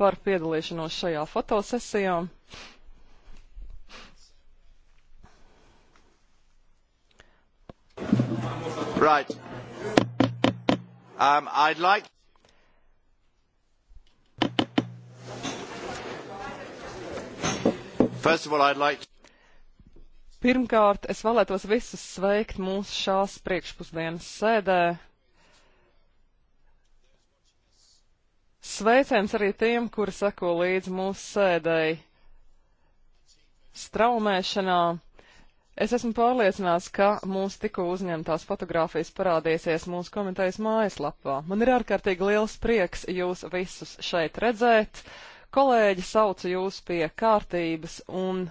par piedalīšanos šajā fotosesijā. Right. Um, I'd like. First of all, I'd like. Pirmkārt, es vēlētos visus sveikt mūsu šās priekšpusdienas sēdē. Sveiciens arī tiem, kuri seko līdz mūsu sēdēji straumēšanā. Es esmu pārliecināts, ka mūsu tikko uzņemtās fotogrāfijas parādīsies mūsu komitejas mājaslapā. Man ir ārkārtīgi liels prieks jūs visus šeit redzēt. Kolēģi sauca jūs pie kārtības un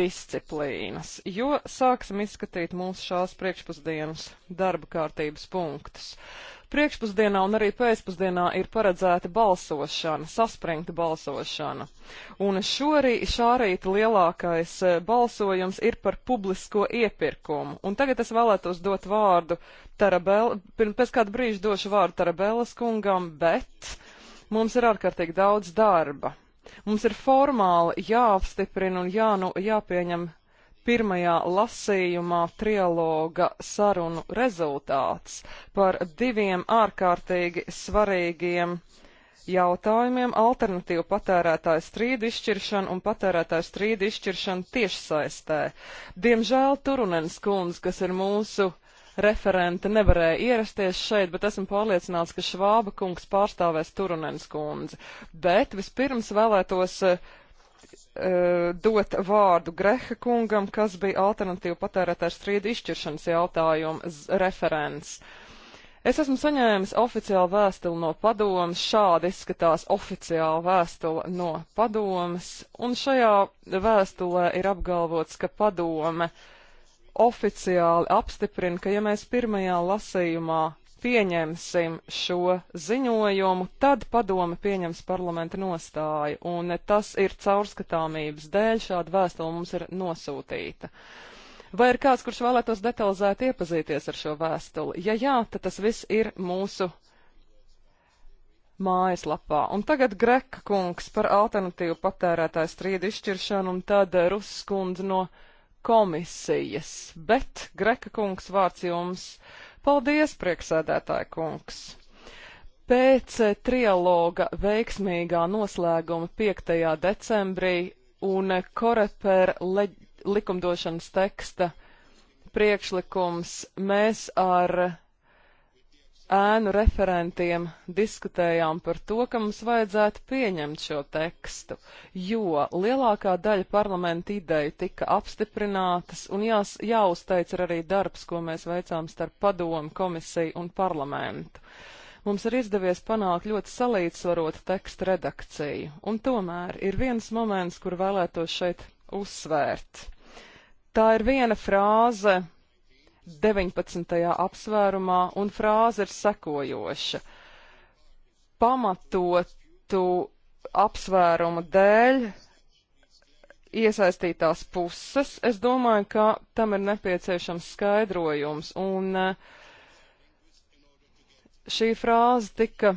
disciplīnas, jo sāksim izskatīt mūsu šās priekšpusdienas darba kārtības punktus. Uh, priekšpusdienā un arī pēcpusdienā ir paredzēta balsošana, saspringta balsošana. Un šorī, šā rīta lielākais e, balsojums ir par publisko iepirkumu. Un tagad es vēlētos dot vārdu Tarabel, pēc kāda brīža došu vārdu Tarabēlas kungam, bet mums ir ārkārtīgi daudz darba. Mums ir formāli jāapstiprina un jānu, jāpieņem pirmajā lasījumā trialoga sarunu rezultāts par diviem ārkārtīgi svarīgiem jautājumiem - alternatīvu patērētāju strīdu izšķiršanu un patērētāju strīdu izšķiršanu tiešsaistē. Diemžēl Turunens kundze, kas ir mūsu referente, nevarēja ierasties šeit, bet esmu pārliecināts, ka Švāba kungs pārstāvēs Turunens kundzi. Bet vispirms vēlētos uh, Eh, dot vārdu Greha kungam, kas bija alternatīva patērētāju strīdu izšķiršanas jautājuma referents. Es esmu saņēmis oficiālu vēstuli no padomas, šādi izskatās oficiāla vēstule no padomas, un šajā vēstulē ir apgalvots, ka padome oficiāli apstiprina, ka ja mēs pirmajā lasījumā pieņemsim šo ziņojumu, tad padome pieņems parlamenta nostāju, un tas ir caurskatāmības dēļ šāda vēstule mums ir nosūtīta. Vai ir kāds, kurš vēlētos detalizēt iepazīties ar šo vēstuli? Ja jā, tad tas viss ir mūsu mājaslapā. Un tagad Greka kungs par alternatīvu patērētāju strīdu izšķiršanu un tad Ruskundze no komisijas. Bet Greka kungs vārds jums. Paldies, prieksēdētāja kungs! Pēc eh, trialoga veiksmīgā noslēguma 5. decembrī un eh, koreper likumdošanas teksta priekšlikums mēs ar ēnu referentiem diskutējām par to, ka mums vajadzētu pieņemt šo tekstu, jo lielākā daļa parlamenta ideju tika apstiprinātas un jās, jāuzteic ar arī darbs, ko mēs veicām starp padomu, komisiju un parlamentu. Mums ir izdevies panākt ļoti salīdzvarotu tekstu redakciju, un tomēr ir viens moments, kur vēlētos šeit uzsvērt. Tā ir viena frāze 19. apsvērumā, un frāze ir sekojoša. Pamatotu apsvērumu dēļ iesaistītās puses, es domāju, ka tam ir nepieciešams skaidrojums, un eh, šī frāze tika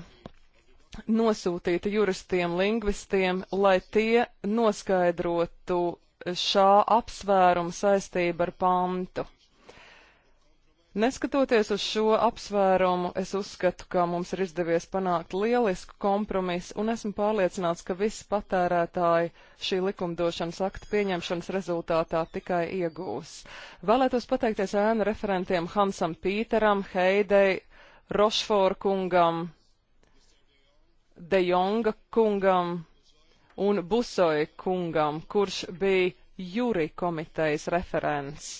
nosūtīta juristiem, lingvistiem, lai tie noskaidrotu šā apsvērumu saistību ar pantu. Neskatoties uz šo apsvērumu, es uzskatu, ka mums ir izdevies panākt lielisku kompromisu, un esmu pārliecināts, ka visi patērētāji šī likumdošanas akta pieņemšanas rezultātā tikai iegūs. Vēlētos pateikties ēnu referentiem Hansam Pīteram, Heidei, Rošforu kungam, De Jonga kungam un Busoja kungam, kurš bija jūri komitejas referents.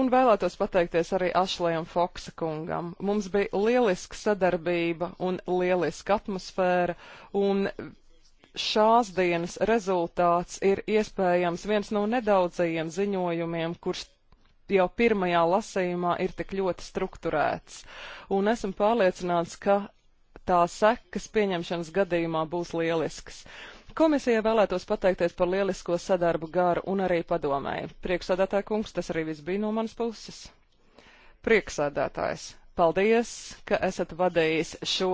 Un vēlētos pateikties arī Ašlējam Foksa kungam. Mums bija lieliska sadarbība un lieliska atmosfēra, un šās dienas rezultāts ir iespējams viens no nedaudzajiem ziņojumiem, kurš jau pirmajā lasījumā ir tik ļoti strukturēts. Un esmu pārliecināts, ka tā sekas pieņemšanas gadījumā būs lielisks. Uh, Komisija vēlētos pateikties par lielisko sadarbu garu un arī padomēju. Prieksādātāja kungs, tas arī viss bija no manas puses. Prieksādātājs, paldies, ka esat vadījis šo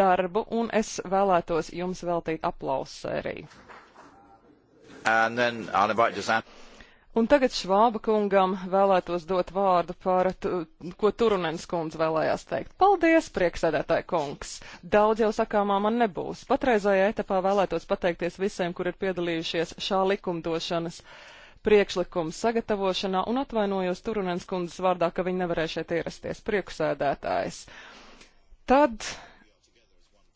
darbu, un es vēlētos jums veltīt aplausu sēriju. And then I'll invite Giselle. Un tagad Švāba kungam vēlētos dot vārdu par, tu, ko Turunens kundze vēlējās teikt. Paldies, prieksēdētāji kungs! Daudz jau sakāmā man nebūs. Patreizajā etapā vēlētos pateikties visiem, kur ir piedalījušies šā likumdošanas priekšlikuma sagatavošanā un atvainojos Turunens kundzes vārdā, ka viņi nevarēja šeit ierasties. Prieksēdētājs. Tad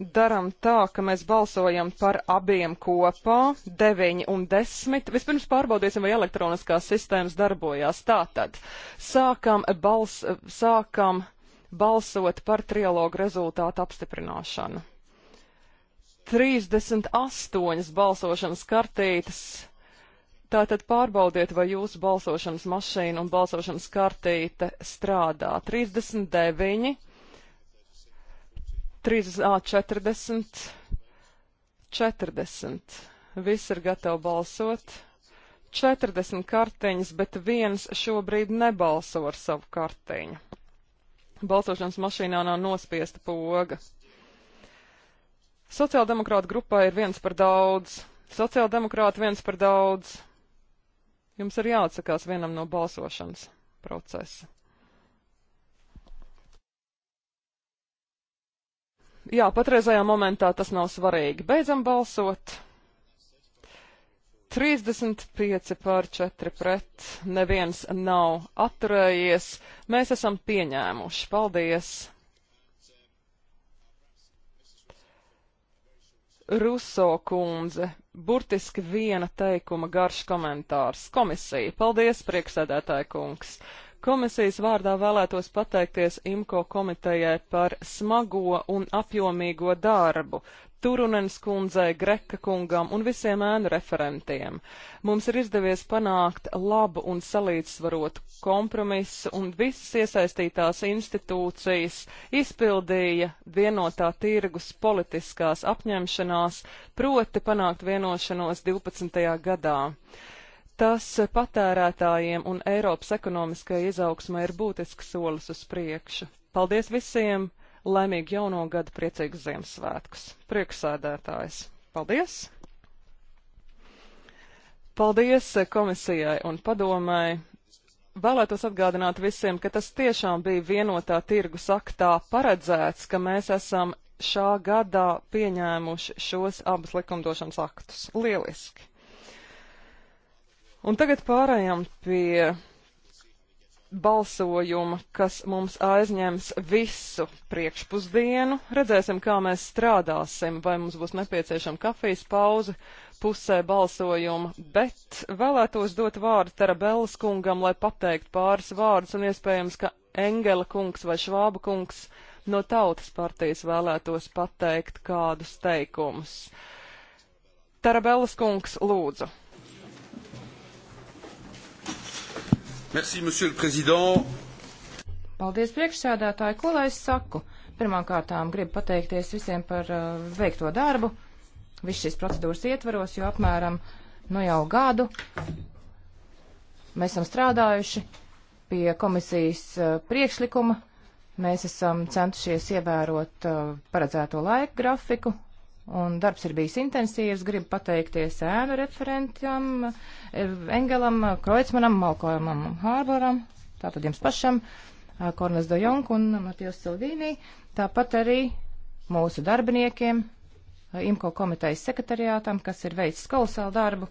daram tā, ka mēs balsojam par abiem kopā, 9 un 10. Vispirms pārbaudīsim, vai elektroniskās sistēmas darbojās. Tātad sākam, bals, sākam balsot par trialogu rezultātu apstiprināšanu. 38 balsošanas kartītes. Tātad pārbaudiet, vai jūsu balsošanas mašīna un balsošanas kartīte strādā. 39 3A40, 40. Viss ir gatavi balsot. 40 kartiņas, bet viens šobrīd nebalso ar savu kartiņu. Balsošanas mašīnā nav nospiesta poga. Sociāldemokrāta grupā ir viens par daudz. Sociāldemokrāta viens par daudz. Jums ir jāatsakās vienam no balsošanas procesa. Jā, patreizajā momentā tas nav svarīgi. Beidzam balsot. 35 pār 4 pret, neviens nav atturējies. Mēs esam pieņēmuši. Paldies! Ruso kundze, burtiski viena teikuma garš komentārs. Komisija, paldies, priekšsēdētāja kungs. Komisijas vārdā vēlētos pateikties IMCO komitejai par smago un apjomīgo darbu. Turunens kundzei, Greka kungam un visiem ēnu referentiem. Mums ir izdevies panākt labu un salīdzvarotu kompromisu, un visas iesaistītās institūcijas izpildīja vienotā tirgus politiskās apņemšanās, proti panākt vienošanos 12. gadā. Tas patērētājiem un Eiropas ekonomiskajai izaugsmai ir būtisks solis uz priekšu. Paldies visiem! Laimīgu jauno gadu, priecīgus Ziemassvētkus! Prieksēdētājs! Paldies! Paldies komisijai un padomai! Vēlētos atgādināt visiem, ka tas tiešām bija vienotā tirgus aktā paredzēts, ka mēs esam šā gadā pieņēmuši šos abus likumdošanas aktus. Lieliski! Un tagad pārējām pie balsojuma, kas mums aizņems visu priekšpusdienu. Redzēsim, kā mēs strādāsim, vai mums būs nepieciešama kafijas pauze pusē balsojuma, bet vēlētos dot vārdu Tarabellas kungam, lai pateikt pāris vārdus, un iespējams, ka Engela kungs vai Švāba kungs no tautas partijas vēlētos pateikt kādus teikumus. Tarabellas kungs, lūdzu. Merci, monsieur le président. Paldies, priekšsēdētāji. Ko lai es saku? Pirmkārtām gribu pateikties visiem par uh, veikto darbu. Viss šīs procedūras ietvaros, jo apmēram nu jau gadu mēs esam strādājuši pie komisijas uh, priekšlikuma. Mēs esam centušies ievērot uh, paredzēto laika grafiku, Un darbs ir bijis intensīvs. Gribu pateikties ēnu referentam, Engelam, Kreutzmanam, Malkojumam, Hārboram, tātad jums pašam, Kornes Dojonku un Matijos Silvīnī. Tāpat arī mūsu darbiniekiem, IMKO komitejas sekretariātam, kas ir veicis kolosālu darbu.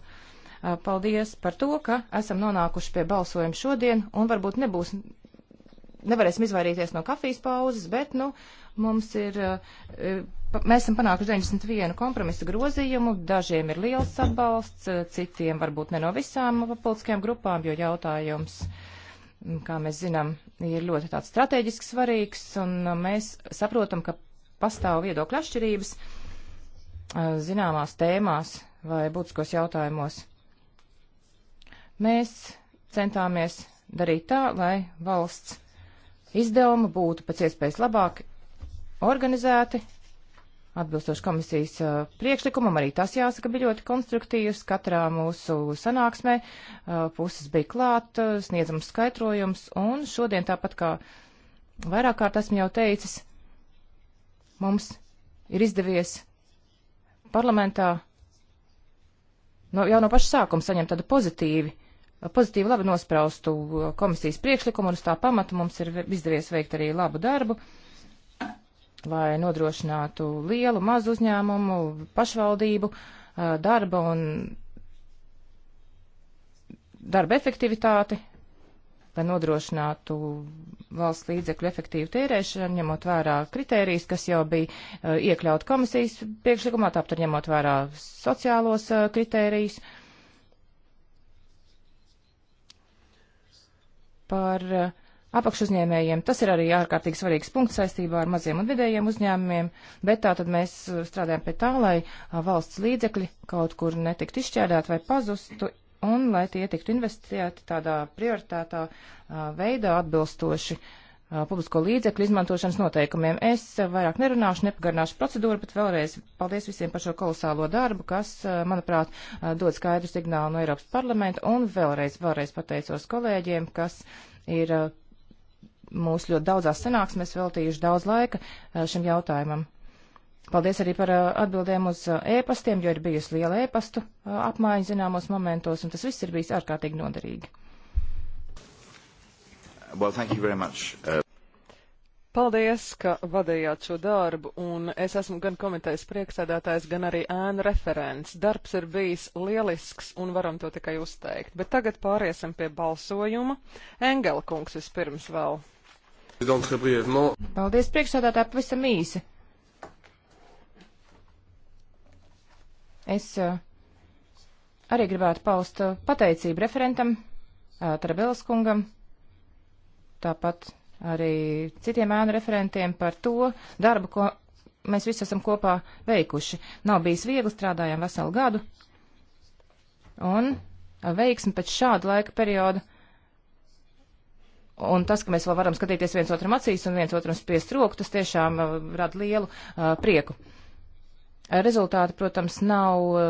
Paldies par to, ka esam nonākuši pie balsojuma šodien un varbūt nebūs, nevarēsim izvairīties no kafijas pauzes, bet, nu, uh, Mums ir, eh, mēs esam panākuši 91 kompromisa grozījumu, dažiem ir liels atbalsts, eh, citiem varbūt ne no visām politiskajām grupām, jo jautājums, mm, kā mēs zinām, ir ļoti tāds strateģiski svarīgs, un eh, mēs saprotam, ka pastāv viedokļu atšķirības zināmās tēmās vai būtiskos jautājumos. Mēs centāmies darīt tā, lai valsts izdevumi būtu pēc iespējas labāk organizēti, atbilstoši komisijas uh, priekšlikumam, arī tas jāsaka bija ļoti konstruktīvs. Katrā mūsu sanāksmē uh, puses bija klāt, uh, sniedzams skaidrojums, un šodien tāpat kā vairāk kārt esmu jau teicis, mums ir izdevies parlamentā no, jau no paša sākuma saņemt tādu pozitīvi, pozitīvi labi nospraustu uh, komisijas priekšlikumu, un uz tā pamata mums ir izdevies veikt arī labu darbu. Uh, lai nodrošinātu lielu, mazu uzņēmumu, pašvaldību darba un darba efektivitāti, lai nodrošinātu valsts līdzekļu efektīvu tērēšanu, ņemot vērā kritērijas, kas jau bija iekļaut komisijas priekšlikumā, tāpat ņemot vērā sociālos kritērijus. Par uh, apakšuzņēmējiem. Tas ir arī ārkārtīgi svarīgs punkts saistībā ar maziem un vidējiem uzņēmumiem, bet tā tad mēs uh, strādājam pie tā, lai uh, valsts līdzekļi kaut kur netiktu izšķērdēti vai pazustu un lai tie tiktu investēti tādā prioritētā uh, veidā atbilstoši publisko līdzekļu izmantošanas noteikumiem. Es vairāk nerunāšu, nepagarināšu procedūru, bet vēlreiz paldies visiem par šo kolosālo darbu, kas, manuprāt, dod skaidru signālu no Eiropas parlamenta, un vēlreiz, vēlreiz pateicos kolēģiem, kas ir mūsu ļoti daudzās sanāksmēs veltījuši daudz laika eh, šim jautājumam. Paldies arī par eh, atbildēm uz ēpastiem, eh, jo ir bijusi liela ēpastu apmaiņa zināmos momentos, un tas viss ir bijis ārkārtīgi noderīgi. Well, thank you very much. Uh... Paldies, ka vadījāt šo darbu, un es esmu gan komitejas priekšsēdētājs, gan arī ēna referents. Darbs ir bijis lielisks, un varam to tikai uzteikt. Bet tagad pāriesim pie balsojuma. Engela kungs vispirms vēl. Paldies, priekšsādātāji, pavisam īsi. Es eh, arī gribētu paust eh, pateicību referentam, eh, Tarabēlas kungam, tāpat arī citiem ēnu referentiem par to darbu, ko mēs visi esam kopā veikuši. Nav bijis viegli, strādājām veselu gadu, un veiksmi pēc šāda laika perioda Un tas, ka mēs vēl varam skatīties viens otram acīs un viens otram spiest roku, tas tiešām uh, rada lielu uh, prieku. Uh, rezultāti, protams, nav uh,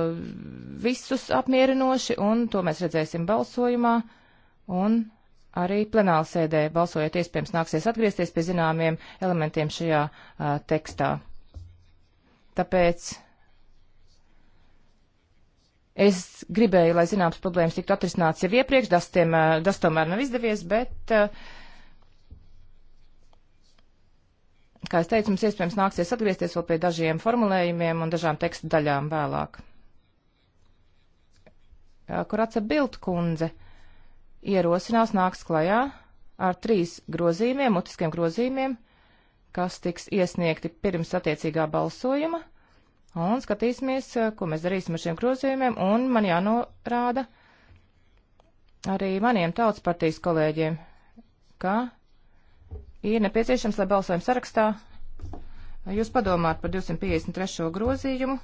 visus apmierinoši, un to mēs redzēsim balsojumā, un arī plenālsēdē balsojot iespējams nāksies atgriezties pie zināmiem elementiem šajā uh, tekstā. Tāpēc Es gribēju, lai zināmas problēmas tiktu atrisināts jau iepriekš, tas, tiem, tas eh, tomēr nav izdevies, bet, eh, kā es teicu, mums iespējams nāksies atgriezties vēl pie dažiem formulējumiem un dažām tekstu daļām vēlāk. Eh, Kur atsebilt kundze ierosinās nāks klajā ar trīs grozījumiem, mutiskiem grozījumiem, kas tiks iesniegti pirms attiecīgā balsojuma un skatīsimies, eh, ko mēs darīsim ar šiem grozījumiem, un man jānorāda arī maniem tautas partijas kolēģiem, ka ir nepieciešams, lai balsojuma sarakstā jūs padomāt par 253. grozījumu,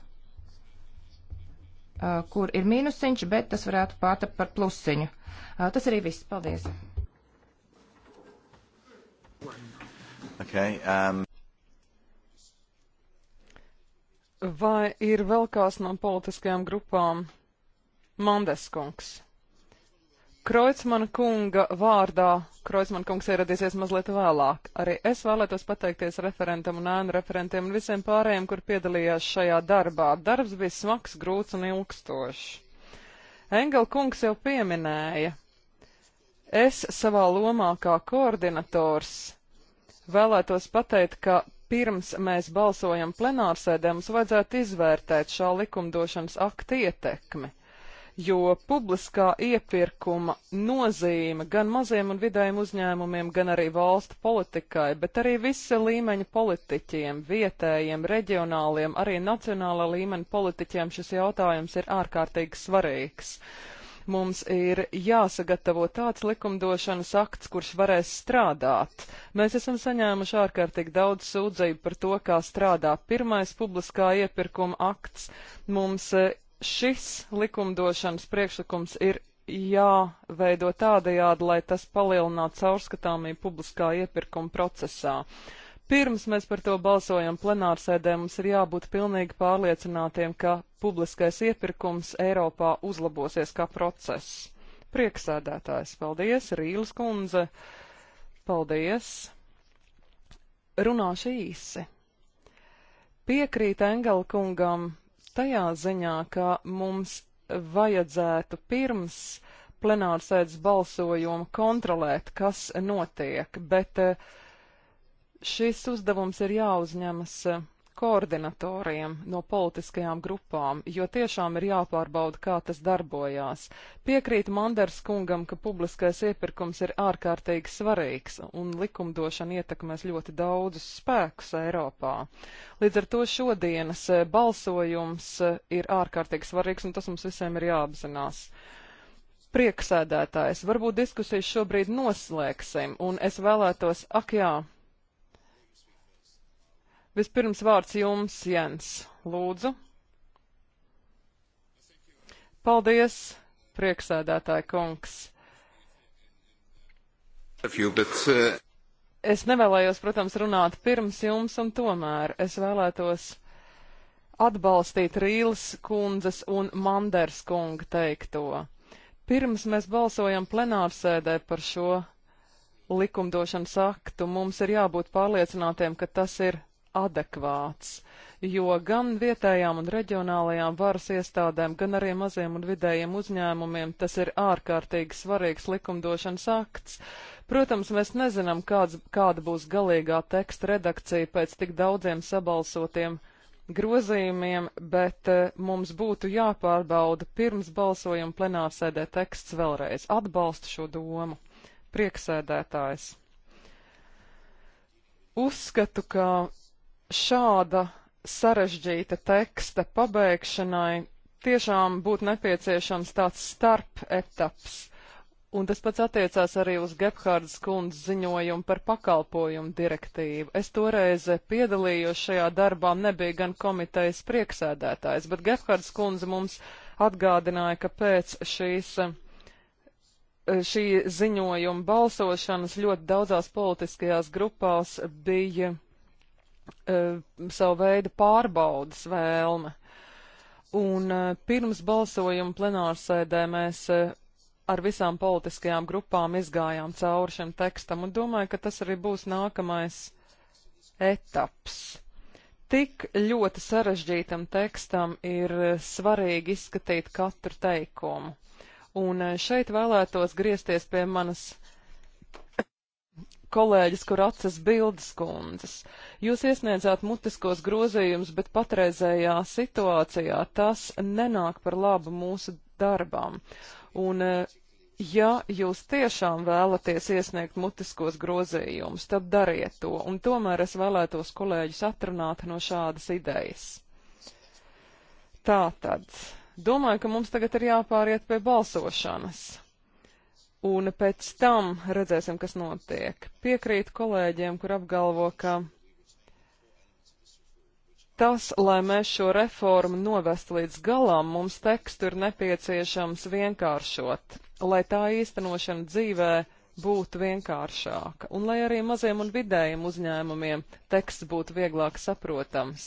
eh, kur ir mīnusiņš, bet tas varētu pārtapt par plusiņu. Eh, tas arī viss. Paldies! Okay, um... Vai ir vēl kāds no politiskajām grupām? Mandeskungs. Kreutzmana kunga vārdā, Kreutzmana kungs ieradīsies mazliet vēlāk. Arī es vēlētos pateikties referentam un ēnu referentiem un visiem pārējiem, kur piedalījās šajā darbā. Darbs bija smags, grūts un ilgstošs. Engela kungs jau pieminēja. Es savā lomā kā koordinators vēlētos pateikt, ka pirms mēs balsojam plenārsēdē, mums vajadzētu izvērtēt šā likumdošanas akta ietekmi, jo publiskā iepirkuma nozīme gan maziem un vidējiem uzņēmumiem, gan arī valstu politikai, bet arī visa līmeņa politiķiem, vietējiem, reģionāliem, arī nacionālā līmeņa politiķiem šis jautājums ir ārkārtīgi svarīgs. Mums ir jāsagatavo tāds likumdošanas akts, kurš varēs strādāt. Mēs esam saņēmuši ārkārtīgi daudz sūdzību par to, kā strādā pirmais publiskā iepirkuma akts. Mums eh, šis likumdošanas priekšlikums ir jāveido tādajādi, lai tas palielinātu caurskatāmību publiskā iepirkuma procesā. Pirms mēs par to balsojam plenārsēdē, mums ir jābūt pilnīgi pārliecinātiem, ka publiskais iepirkums Eiropā uzlabosies kā process. Prieksēdētājs, paldies, Rīles kundze, paldies. Runāšu īsi. Piekrīt Engela kungam tajā ziņā, ka mums vajadzētu pirms plenārsēdes balsojumu kontrolēt, kas notiek, bet uh, Šis uzdevums ir jāuzņemas eh, koordinatoriem no politiskajām grupām, jo tiešām ir jāpārbauda, kā tas darbojās. Piekrīt Manders kungam, ka publiskais iepirkums ir ārkārtīgi svarīgs un likumdošana ietekmēs ļoti daudzus spēkus Eiropā. Līdz ar to šodienas eh, balsojums eh, ir ārkārtīgi svarīgs un tas mums visiem ir jāapzinās prieksēdētājs. Varbūt diskusijas šobrīd noslēgsim, un es vēlētos, ak jā, Vispirms vārds jums, Jens. Lūdzu. Paldies, prieksēdētāji kungs. Uh, es nevēlējos, protams, runāt pirms jums, un tomēr es vēlētos atbalstīt Rīles kundzes un Manders kunga teikto. Pirms mēs balsojam plenārsēdē par šo likumdošanas aktu, mums ir jābūt pārliecinātiem, ka tas ir adekvāts, jo gan vietējām un reģionālajām varas iestādēm, gan arī maziem un vidējiem uzņēmumiem tas ir ārkārtīgi svarīgs likumdošanas akts. Protams, mēs nezinām, kāds, kāda būs galīgā teksta redakcija pēc tik daudziem sabalsotiem grozījumiem, bet eh, mums būtu jāpārbauda pirms balsojuma plenārsēdē teksts vēlreiz. Atbalstu šo domu. Prieksēdētājs. Uzskatu, ka šāda sarežģīta teksta pabeigšanai tiešām būtu nepieciešams tāds starp etaps. Un tas pats attiecās arī uz Gebhārdas kundzes ziņojumu par pakalpojumu direktīvu. Es toreiz piedalījos šajā darbā, nebija gan komitejas prieksēdētājs, bet Gebhārdas kundze mums atgādināja, ka pēc šīs šī ziņojuma balsošanas ļoti daudzās politiskajās grupās bija Eh, savu veidu pārbaudas vēlme. Un eh, pirms balsojuma plenārsēdē mēs eh, ar visām politiskajām grupām izgājām cauri šim tekstam un domāju, ka tas arī būs nākamais etaps. Tik ļoti sarežģītam tekstam ir svarīgi izskatīt katru teikumu. Un šeit vēlētos griezties pie manas kolēģis, kur acis bildes kundzes. Jūs iesniedzāt mutiskos grozījumus, bet patreizējā situācijā tas nenāk par labu mūsu darbām. Un, eh, ja jūs tiešām vēlaties iesniegt mutiskos grozījumus, tad dariet to, un tomēr es vēlētos kolēģus atrunāt no šādas idejas. Tātad, domāju, ka mums tagad ir jāpāriet pie balsošanas un pēc tam redzēsim, kas notiek. Piekrīt kolēģiem, kur apgalvo, ka tas, lai mēs šo reformu novestu līdz galam, mums tekstu ir nepieciešams vienkāršot, lai tā īstenošana dzīvē būtu vienkāršāka, un lai arī maziem un vidējiem uzņēmumiem teksts būtu vieglāk saprotams.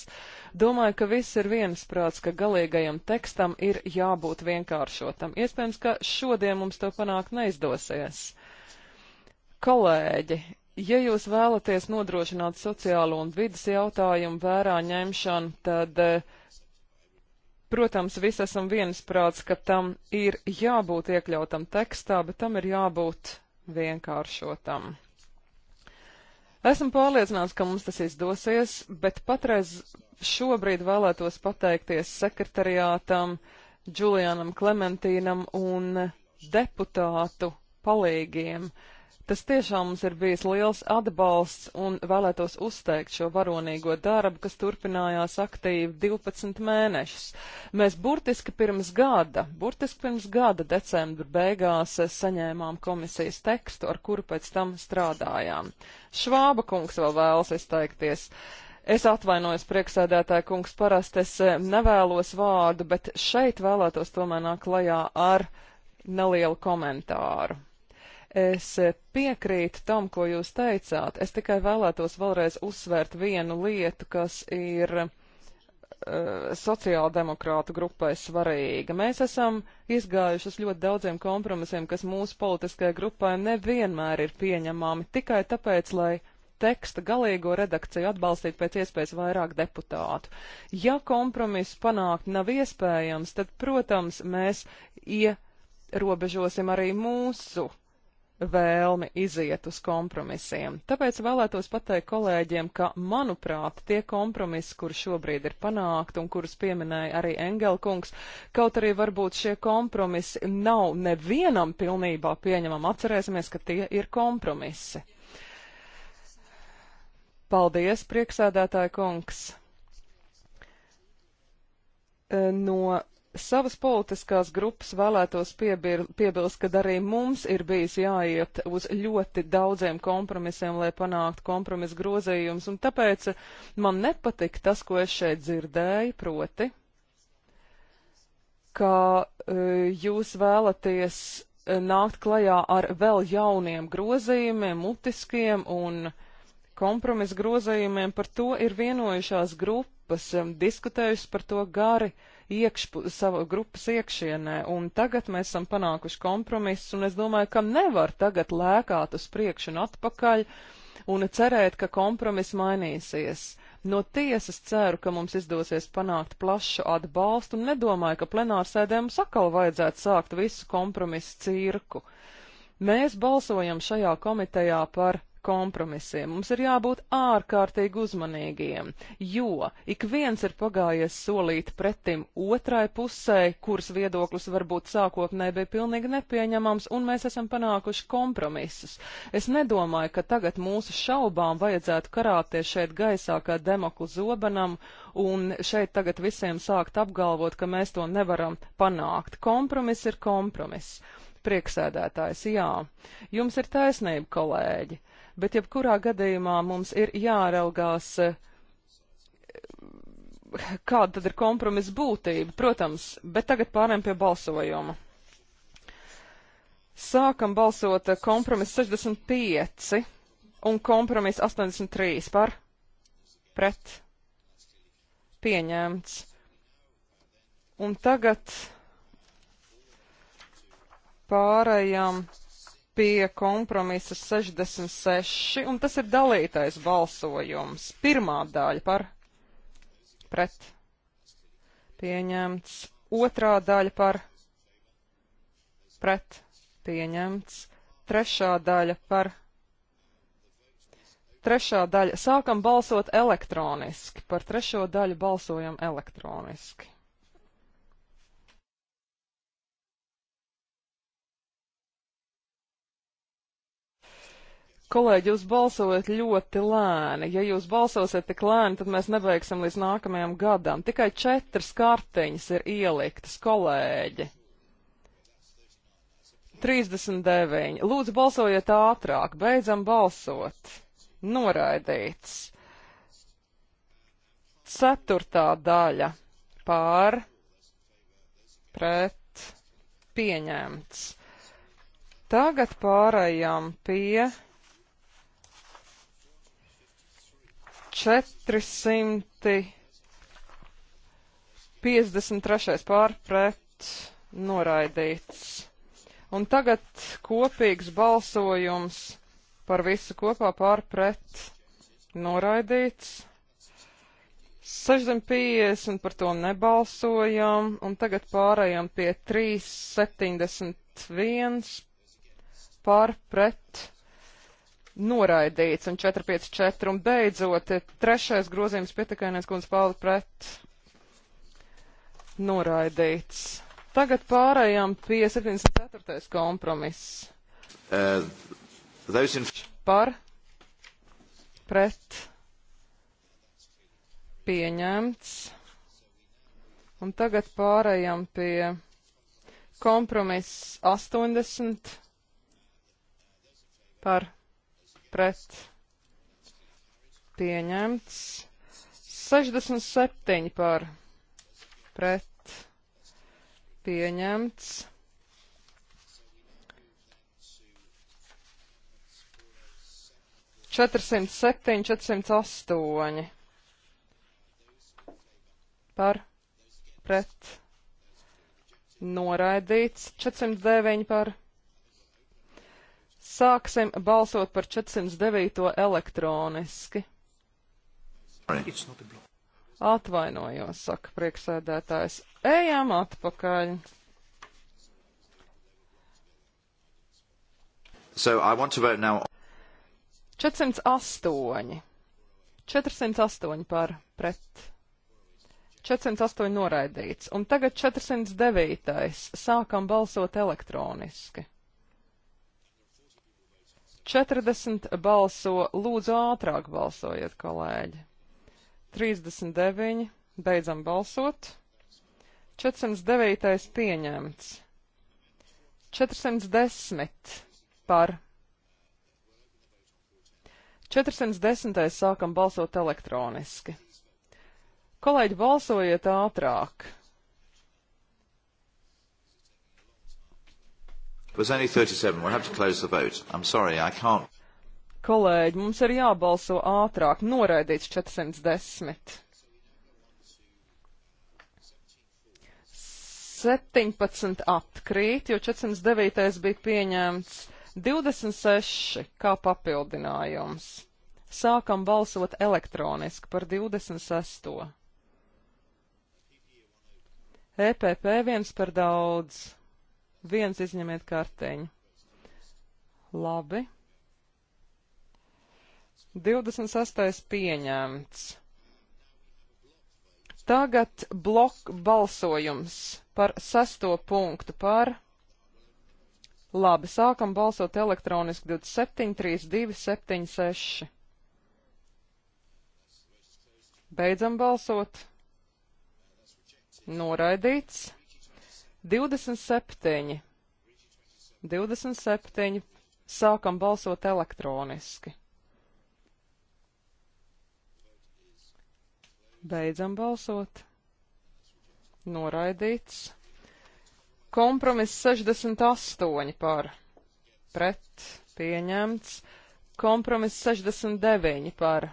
Domāju, ka viss ir viensprāts, ka galīgajam tekstam ir jābūt vienkāršotam. Iespējams, ka šodien mums to panākt neizdosies. Kolēģi, ja jūs vēlaties nodrošināt sociālo un vidas jautājumu vērā ņemšanu, tad, protams, visi esam viensprāts, ka tam ir jābūt iekļautam tekstā, bet tam ir jābūt vienkāršotam. Esmu pārliecināts, ka mums tas izdosies, bet patreiz šobrīd vēlētos pateikties sekretariātam, Džulianam Klementīnam un deputātu palīgiem, Tas tiešām mums ir bijis liels atbalsts un vēlētos uzteikt šo varonīgo darbu, kas turpinājās aktīvi 12 mēnešus. Mēs burtiski pirms gada, burtiski pirms gada decembra beigās saņēmām komisijas tekstu, ar kuru pēc tam strādājām. Švāba kungs vēl vēlas izteikties. Es atvainojos, prieksēdētāja kungs, parasti es eh, nevēlos vārdu, bet šeit vēlētos tomēr nāk klajā ar nelielu komentāru. Es piekrītu tam, ko jūs teicāt. Es tikai vēlētos vēlreiz uzsvērt vienu lietu, kas ir uh, sociāldemokrātu grupai svarīga. Mēs esam izgājuši uz ļoti daudziem kompromisiem, kas mūsu politiskajai grupai nevienmēr ir pieņemami, tikai tāpēc, lai teksta galīgo redakciju atbalstīt pēc iespējas vairāk deputātu. Ja kompromisu panākt nav iespējams, tad, protams, mēs ierobežosim arī mūsu vēlmi iziet uz kompromisiem. Tāpēc vēlētos pateikt kolēģiem, ka, manuprāt, tie kompromisi, kur šobrīd ir panākt un kurus pieminēja arī Engelkungs, kaut arī varbūt šie kompromisi nav nevienam pilnībā pieņemam, atcerēsimies, ka tie ir kompromisi. Paldies, prieksēdētāja kungs! No savas politiskās grupas vēlētos piebir, piebilst, ka arī mums ir bijis jāiet uz ļoti daudziem kompromisiem, lai panāktu kompromisu grozījumus, un tāpēc man nepatika tas, ko es šeit dzirdēju, proti, ka uh, jūs vēlaties e, nākt klajā ar vēl jauniem grozījumiem, mutiskiem un kompromisu grozījumiem. Par to ir vienojušās grupas, e, diskutējušas par to gari. Uh, iekšpu, sava grupas iekšienē, un tagad mēs esam panākuši kompromisus, un es domāju, ka nevar tagad lēkāt uz priekšu un atpakaļ un cerēt, ka kompromiss mainīsies. No tiesas ceru, ka mums izdosies panākt plašu atbalstu un nedomāju, ka plenārsēdē mums atkal vajadzētu sākt visu kompromisu cirku. Mēs balsojam šajā komitejā par kompromisiem. Mums ir jābūt ārkārtīgi uzmanīgiem, jo ik viens ir pagājies solīt pretim otrai pusē, kuras viedoklis varbūt sākotnēji bija pilnīgi nepieņemams, un mēs esam panākuši kompromisus. Es nedomāju, ka tagad mūsu šaubām vajadzētu karāties šeit gaisā kā demoklu zobenam, un šeit tagad visiem sākt apgalvot, ka mēs to nevaram panākt. Kompromiss ir kompromiss. Prieksēdētājs, jā. Jums ir taisnība, kolēģi bet jebkurā gadījumā mums ir jāraugās, kāda tad ir kompromisa būtība, protams, bet tagad pārējām pie balsojuma. Sākam balsot kompromis 65 un kompromis 83 par pret pieņemts. Un tagad pārējām pie kompromisa 66, un tas ir dalītais balsojums. Pirmā daļa par pret pieņemts, otrā daļa par pret pieņemts, trešā daļa par trešā daļa. Sākam balsot elektroniski, par trešo daļu balsojam elektroniski. Kolēģi, jūs balsojat ļoti lēni. Ja jūs balsosiet tik lēni, tad mēs nebeigsim līdz nākamajam gadam. Tikai četras kartiņas ir ieliktas, kolēģi. 39. Lūdzu, balsojiet ātrāk. Beidzam balsot. Noraidīts. Ceturtā daļa. Pār. Pret. Pieņemts. Tagad pārējām pie 453. pārpret noraidīts. Un tagad kopīgs balsojums par visu kopā pārpret noraidīts. 650 par to nebalsojam, un tagad pārējām pie 371 pārpret noraidīts, un 454, un beidzot, trešais grozījums pietekainies, kundz pāri pret noraidīts. Tagad pārējām pie 74. kompromiss. Uh, in... Par, pret, pieņemts. Un tagad pārējām pie kompromiss 80 par pret pieņemts. 67 par pret pieņemts. Četrsimt septiņi, četrsimt astoņi par pret noraidīts, četrsimt deviņi par pret Sāksim balsot par 409. elektroniski. Atvainojos, saka prieksēdētājs. Ejam atpakaļ. So 408. 408 par pret. 408 noraidīts. Un tagad 409. Sākam balsot elektroniski. 40 balso, lūdzu ātrāk balsojiet, kolēģi. 39, beidzam balsot. 409 pieņemts. 410 par. 410. sākam balsot elektroniski. Kolēģi, balsojiet ātrāk! was only 37. We'll have to close the vote. I'm sorry, I can't. Kolēģi, mums ir jābalso ātrāk. Noraidīts 410. 17 atkrīt, jo 409. bija pieņemts 26 kā papildinājums. Sākam balsot elektroniski par 26. EPP viens par daudz. Viens izņemiet karteņu. Labi. 26. pieņemts. Tagad blok balsojums par sesto punktu par. Labi, sākam balsot elektroniski 273276. Beidzam balsot. Noraidīts. 27. 27. Sākam balsot elektroniski. Beidzam balsot. Noraidīts. Kompromiss 68 par. Pret. Pieņemts. Kompromiss 69 par.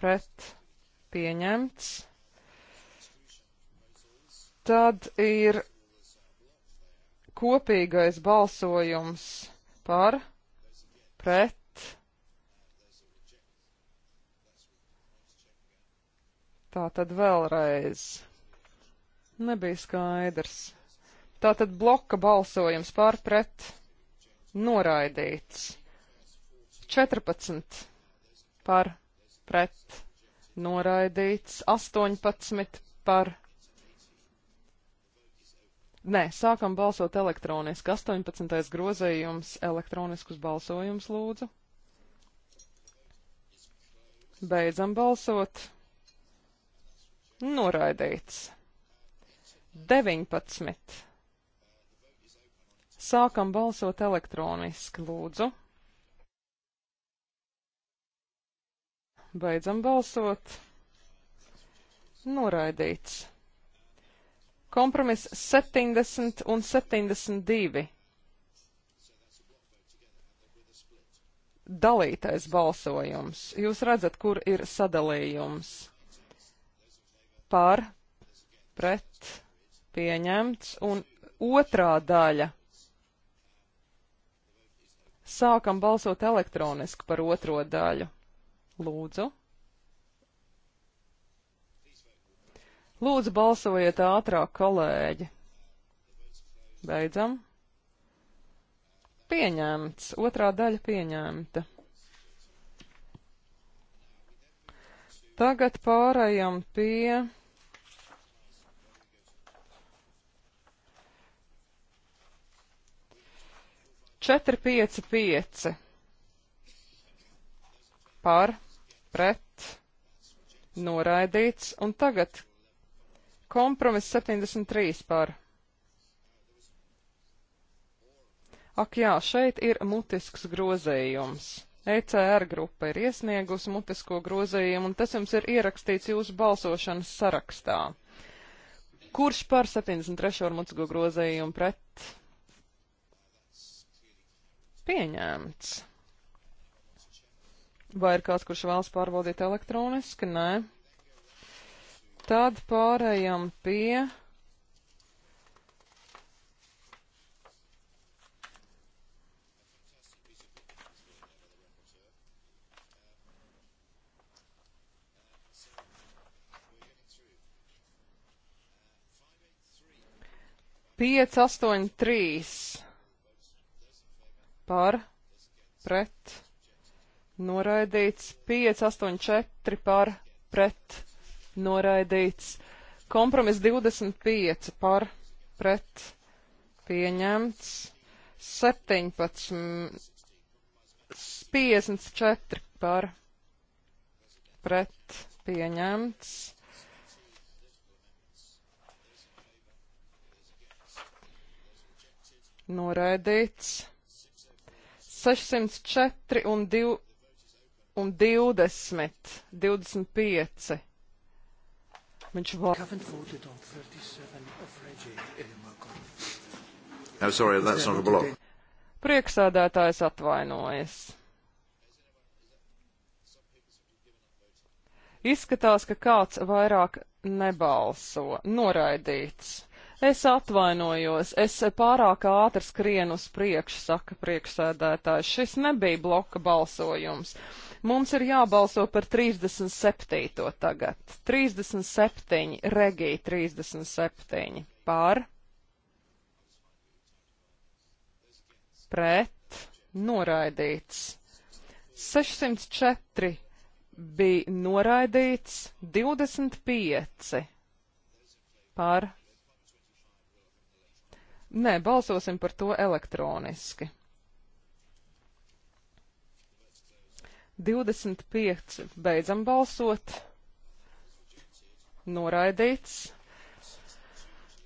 Pret. Pieņemts. Tad ir kopīgais balsojums par, pret. Tā tad vēlreiz. Nebija skaidrs. Tā tad bloka balsojums par pret noraidīts. 14 par pret noraidīts, 18 par Nē, sākam balsot elektroniski. 18. grozējums elektroniskus balsojumus lūdzu. Beidzam balsot. Noraidīts. 19. Sākam balsot elektroniski, lūdzu. Beidzam balsot. Noraidīts. Kompromiss 70 un 72. Dalītais balsojums. Jūs redzat, kur ir sadalījums. Par, pret, pieņemts un otrā daļa. Sākam balsot elektroniski par otro daļu. Lūdzu. Lūdzu, balsojiet ātrāk, kolēģi. Beidzam. Pieņemts. Otrā daļa pieņemta. Tagad pārējām pie četri pieci pieci par, pret, noraidīts, un tagad Kompromiss 73 par. Ak jā, šeit ir mutisks grozējums. ECR grupa ir iesniegusi mutisko grozējumu, un tas jums ir ierakstīts jūsu balsošanas sarakstā. Kurš par 73. ar mutisko grozējumu pret? Pieņēmts. Vai ir kāds, kurš vēlas pārbaudīt elektroniski? Nē. Tad pārējām pie. Piec, astoņi, trīs par, pret, noraidīts, 5, 8, 4 par, pret, noraidīts. Kompromis 25 par pret pieņemts. 17, 54 par pret pieņemts. Noraidīts. 604 un 2 un 20, 25 Viņš var. No, sorry, that's not a block. Prieksēdētājs atvainojas. Izskatās, ka kāds vairāk nebalso, noraidīts. Es atvainojos, es pārāk ātri skrienu uz priekšu, saka priekšsēdētājs. Šis nebija bloka balsojums. Mums ir jābalso par 37. tagad. 37, Regija 37. Pār. Pret. Noraidīts. 604 bija noraidīts 25 par. Nē, balsosim par to elektroniski. 25. Beidzam balsot. Noraidīts.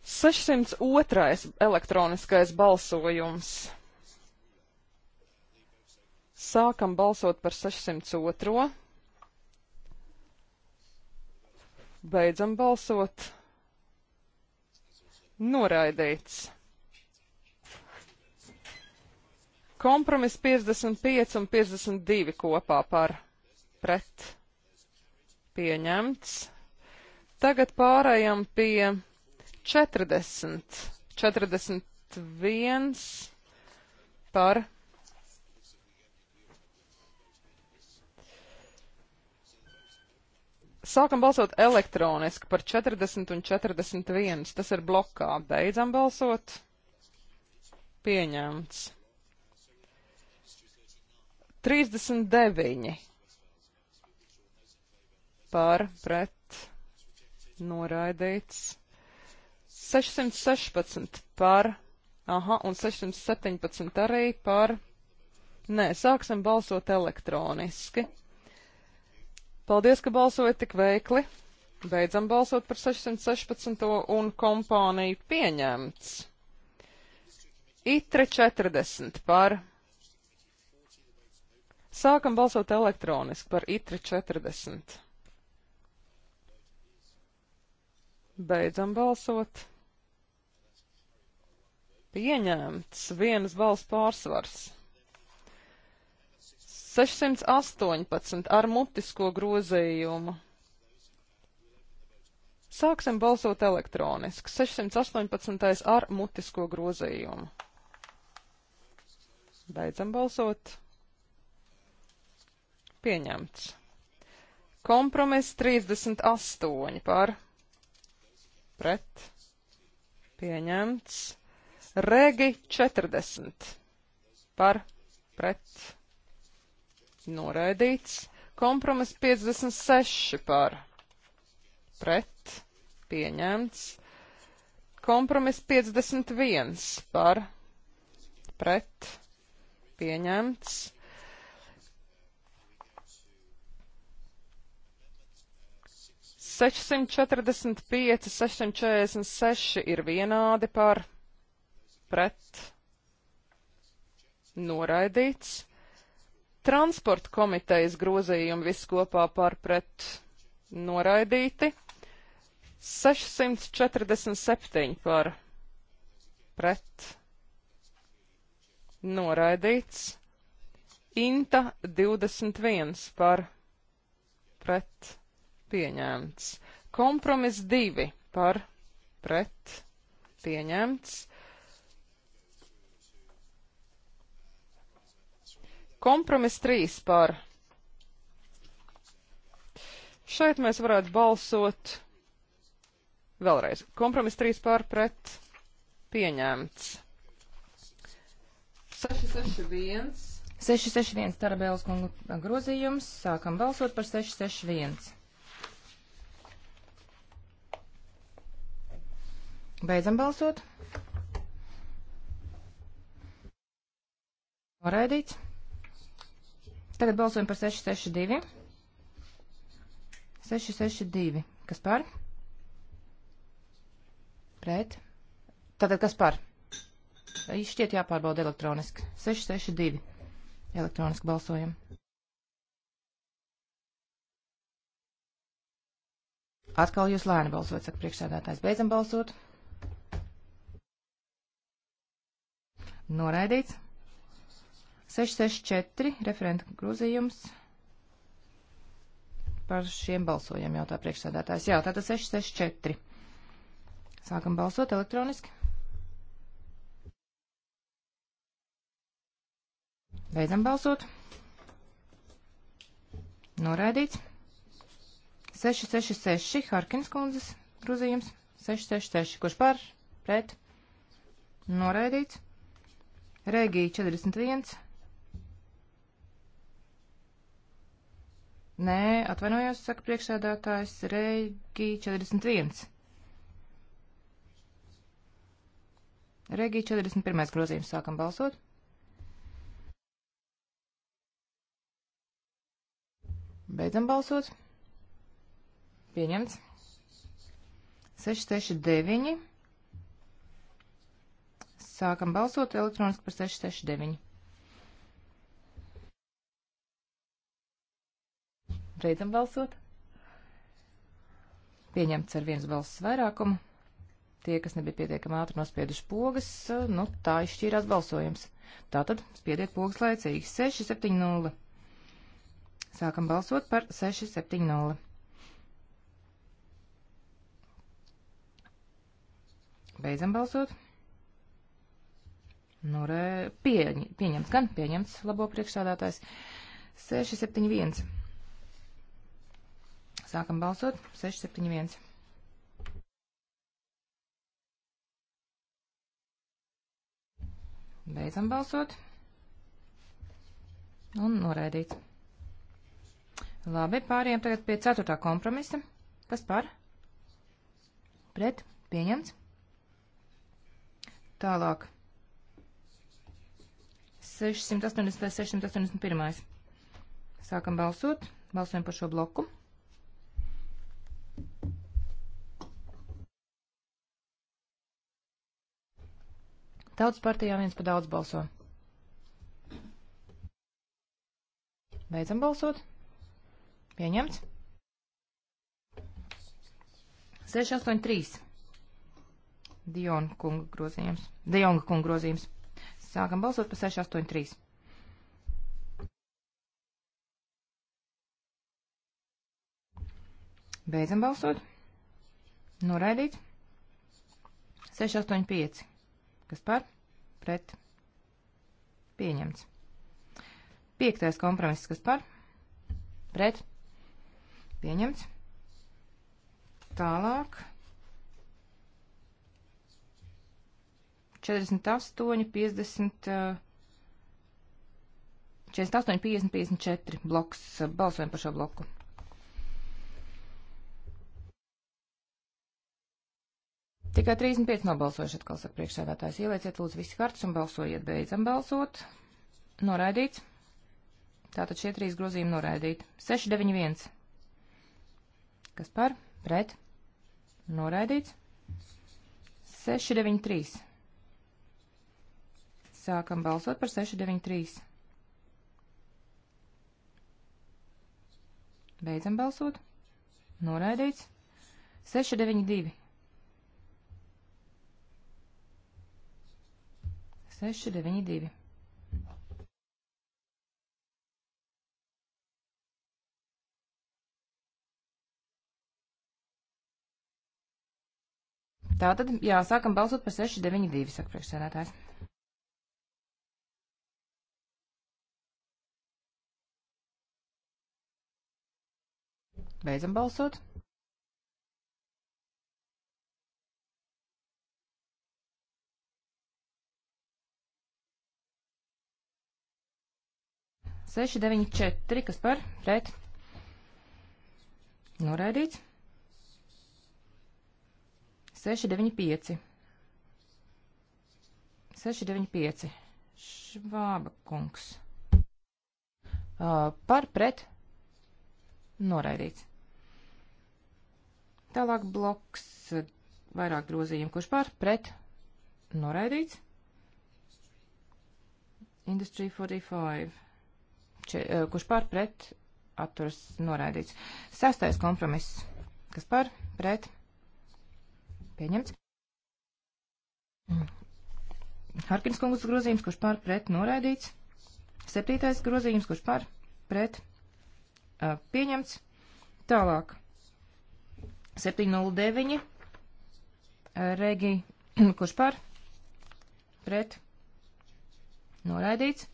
602. elektroniskais balsojums. Sākam balsot par 602. Beidzam balsot. Noraidīts. Kompromiss 55 un 52 kopā par pret pieņemts. Tagad pārējām pie 40, 41 par Sākam balsot elektroniski par 40 un 41. Tas ir blokā. Beidzam balsot. Pieņemts. 39 par pret noraidīts. 616 par, aha, un 617 arī par. Nē, sāksim balsot elektroniski. Paldies, ka balsojat tik veikli. Beidzam balsot par 616 un kompāniju pieņemts. Itre 40 par Sākam balsot elektroniski par ITRI 40. Beidzam balsot. Pieņemts vienas balss pārsvars. 618 ar mutisko grozījumu. Sāksim balsot elektroniski. 618. ar mutisko grozījumu. Beidzam balsot pieņemts. Kompromiss 38 par pret pieņemts. Regi 40 par pret noraidīts. Kompromiss 56 par pret pieņemts. Kompromiss 51 par pret pieņemts. 645, 646 ir vienādi par pret noraidīts. Transporta komitejas grozījumi viss kopā par pret noraidīti. 647 par pret noraidīts. Inta 21 par pret noraidīts pieņemts. Kompromis 2 par pret pieņemts. Kompromis 3 par. Šeit mēs varētu balsot vēlreiz. Kompromis 3 par pret pieņemts. 661. 661 Tarabēlas kungu grozījums. Sākam balsot par 661. Beidzam balsot. Noraidīts. Tagad balsojam par 662. 662. Kas par? Pret. Tātad kas par? Šķiet jāpārbauda elektroniski. 662. Elektroniski balsojam. Atkal jūs lēni balsot, saka priekšsēdētājs. Beidzam balsot. noraidīts. 664 referenta grozījums. Par šiem balsojam jautā priekšsēdētājs. Jā, tātad 664. Sākam balsot elektroniski. Beidzam balsot. Noraidīts. 666 Harkins kundzes grozījums. 666. Kurš par? Pret? Noraidīts. Regija 41. Nē, atvainojos, saka priekšsēdātājs, Regija 41. Regija 41. grozījums sākam balsot. Beidzam balsot. Pieņemts. 669. Sākam balsot elektroniski par 669. Beidzam balsot. Pieņemts ar viens balss vairākumu. Tie, kas nebija pietiekami ātri nospieduši pogas, eh, nu tā izšķīrās balsojums. Tātad spiediet pogas laicīgi 670. Sākam balsot par 670. Beidzam balsot. Norē, pieņ, pieņemts gan, pieņemts labo priekšsādātājs. 671. Sākam balsot. 671. Beidzam balsot. Un noraidīts. Labi, pāriem tagad pie ceturtā kompromisa. Kas par? Pret? Pieņemts. Tālāk. 672. 680 vai 681. Sākam balsot. Balsojam par šo bloku. Tautas partijā viens pa daudz balso. Beidzam balsot. Pieņemts. 683. Diona kunga grozījums. Dejonga kunga grozījums. Sākam balsot par 683. Beidzam balsot. Noraidīts. 685. Kas par? Pret. Pieņemts. Piektais kompromiss. Kas par? Pret. Pieņemts. Tālāk. 48, 50, 48, 50, 54 bloks. Balsojam par šo bloku. Tikai 35 nobalsojuši atkal saka priekšsēdētājs. Ielieciet lūdzu visi kartus un balsojiet. Beidzam balsot. Noraidīts. Tātad šie trīs grozījumi noraidīti. 691. Kas par? Pret. Noraidīts. 693. Sākam balsot par 693. Beidzam balsot. Noraidīts. 692. 692. Tātad jāsākam balsot par 692, saka priekšsēdētājs. Beidzam balsot. Seši, deviņi, četri, kas par? Pret. Noraidīts. Seši, deviņi, pieci. 695. Švāba kungs. Uh, par pret noraidīts. Tālāk bloks vairāk grozījumu, kurš pār pret noraidīts. Industry 45, Če, eh, kurš pār pret atturas noraidīts. Sastais kompromiss, kas pār pret pieņemts. Harkins kungus grozījums, kurš pār pret noraidīts. Septītais grozījums, kurš pār pret eh, pieņemts. Tālāk. 709. Regi, kurš par? Pret. Noraidīts.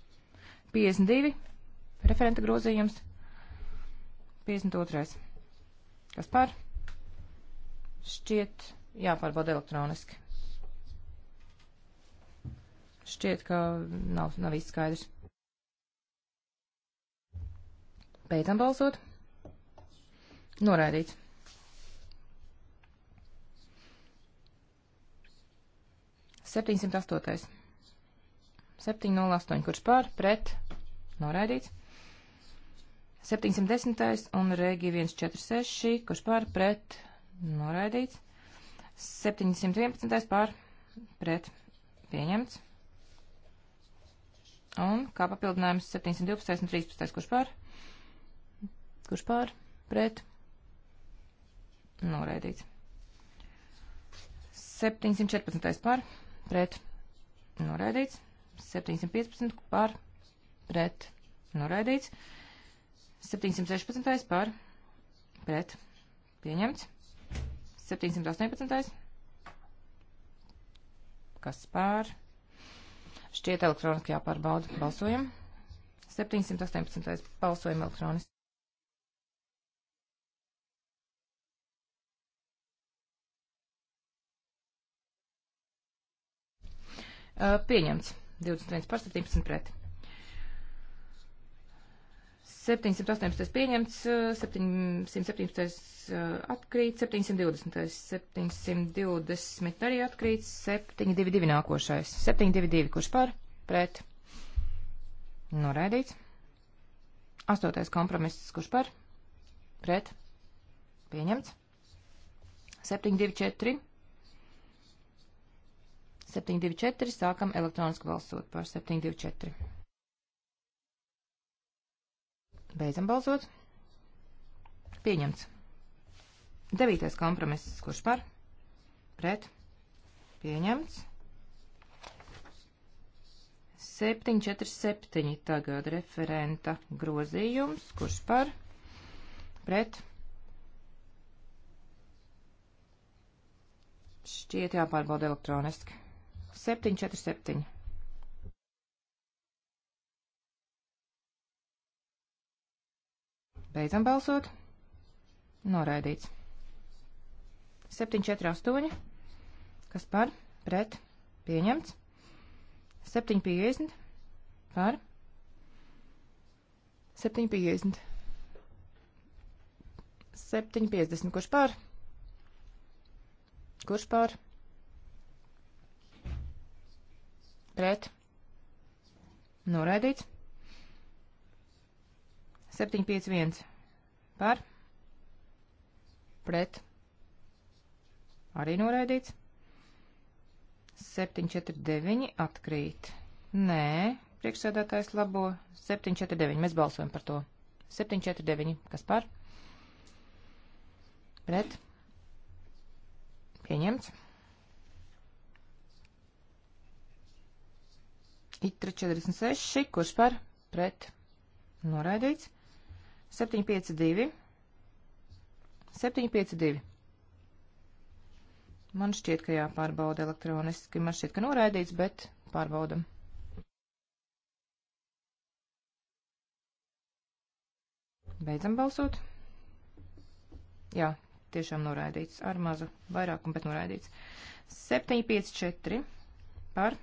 52. Referenta grozījums. 52. Kas par? Šķiet, jāpārbauda elektroniski. Šķiet, ka nav, nav viss skaidrs. Beidzam balsot. Noraidīts. 708. 708, kurš pār, pret, noraidīts. 710. un Regi 146, kurš pār, pret, noraidīts. 711. pār, pret, pieņemts. Un kā papildinājums 712. un 13. kurš pār, kurš pār, pret, noraidīts. 714. pār, pret pret noraidīts, 715 par pret noraidīts, 716 par pret pieņemts, 718 kas pār šķiet elektroniskajā pārbauda balsojumu. 718. balsojuma elektroniski. Uh, pieņemts. 21 par 17 pret. 718. pieņemts, 717. Uh, uh, atkrīt, 720. 720 arī atkrīt, 722 nākošais. 722 kurš par? Pret. Noraidīts. 8. kompromiss kurš par? Pret. Pieņemts. 724 724. Sākam elektroniski balsot par 724. Beidzam balsot. Pieņemts. Devītais kompromiss. Kurš par? Pret. Pieņemts. 747 tagad referenta grozījums. Kurš par? Pret. Šķiet jāpārbauda elektroniski. 747. Beidzam balsot. Noraidīts. 748. Kas par? Pret. Pieņemts. 750. Par. 750. 750. Kurš par? Kurš par? pret, noraidīts. 751 par, pret, arī noraidīts. 749 atkrīt. Nē, priekšsēdētājs labo 749. Mēs balsojam par to. 749. Kas par? Pret. Pieņemts. Itra 46, kurš par pret noraidīts. 752. 752. Man šķiet, ka jāpārbauda elektroniski. Man šķiet, ka noraidīts, bet pārbaudam. Beidzam balsot. Jā, tiešām noraidīts. Ar mazu vairākumu, bet noraidīts. 754 par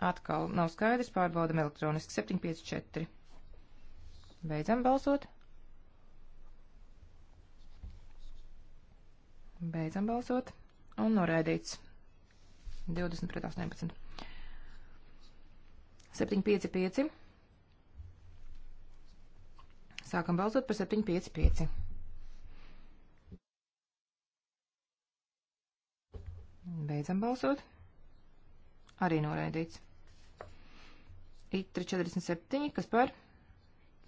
Atkal nav skaidrs, pārbaudam elektroniski 754. Beidzam balsot. Beidzam balsot. Un noraidīts. 20 pret 18. 755. Sākam balsot par 755. Beidzam balsot. Arī noraidīts. Itri 47, kas par?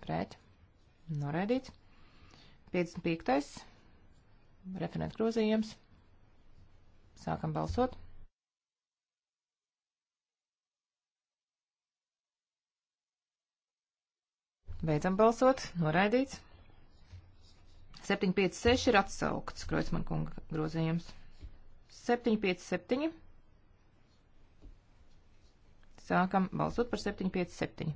Pret. Noraidīts. 55. Referents grozījums. Sākam balsot. Beidzam balsot. Noraidīts. 756 ir atsaukts Kreutzmann kunga grozījums. 757 Sākam balsot par 757.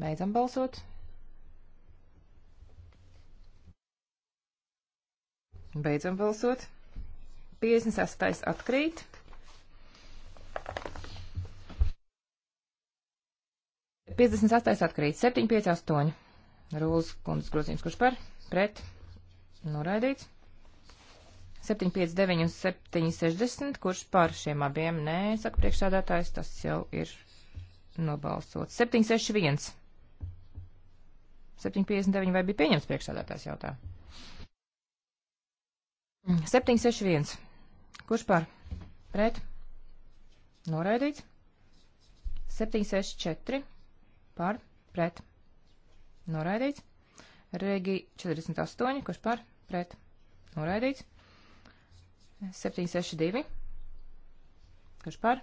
Beidzam balsot. Beidzam balsot. 58. atkrīt. Piecdesmit astais atkrīt, septiņi, pieci, astoņi. Rūlis kundzes grozījums, kurš par, pret, noraidīts. 759 un 760, kurš par šiem abiem nē, saka priekšsādātājs, tas jau ir nobalsots. 761. 759 vai bija pieņemts priekšsādātājs jautā? 761. Kurš par? Pret? Noraidīts. 764. Par? Pret? Noraidīts. Regi 48. Kurš par? Pret? Noraidīts. 762. Kurš par?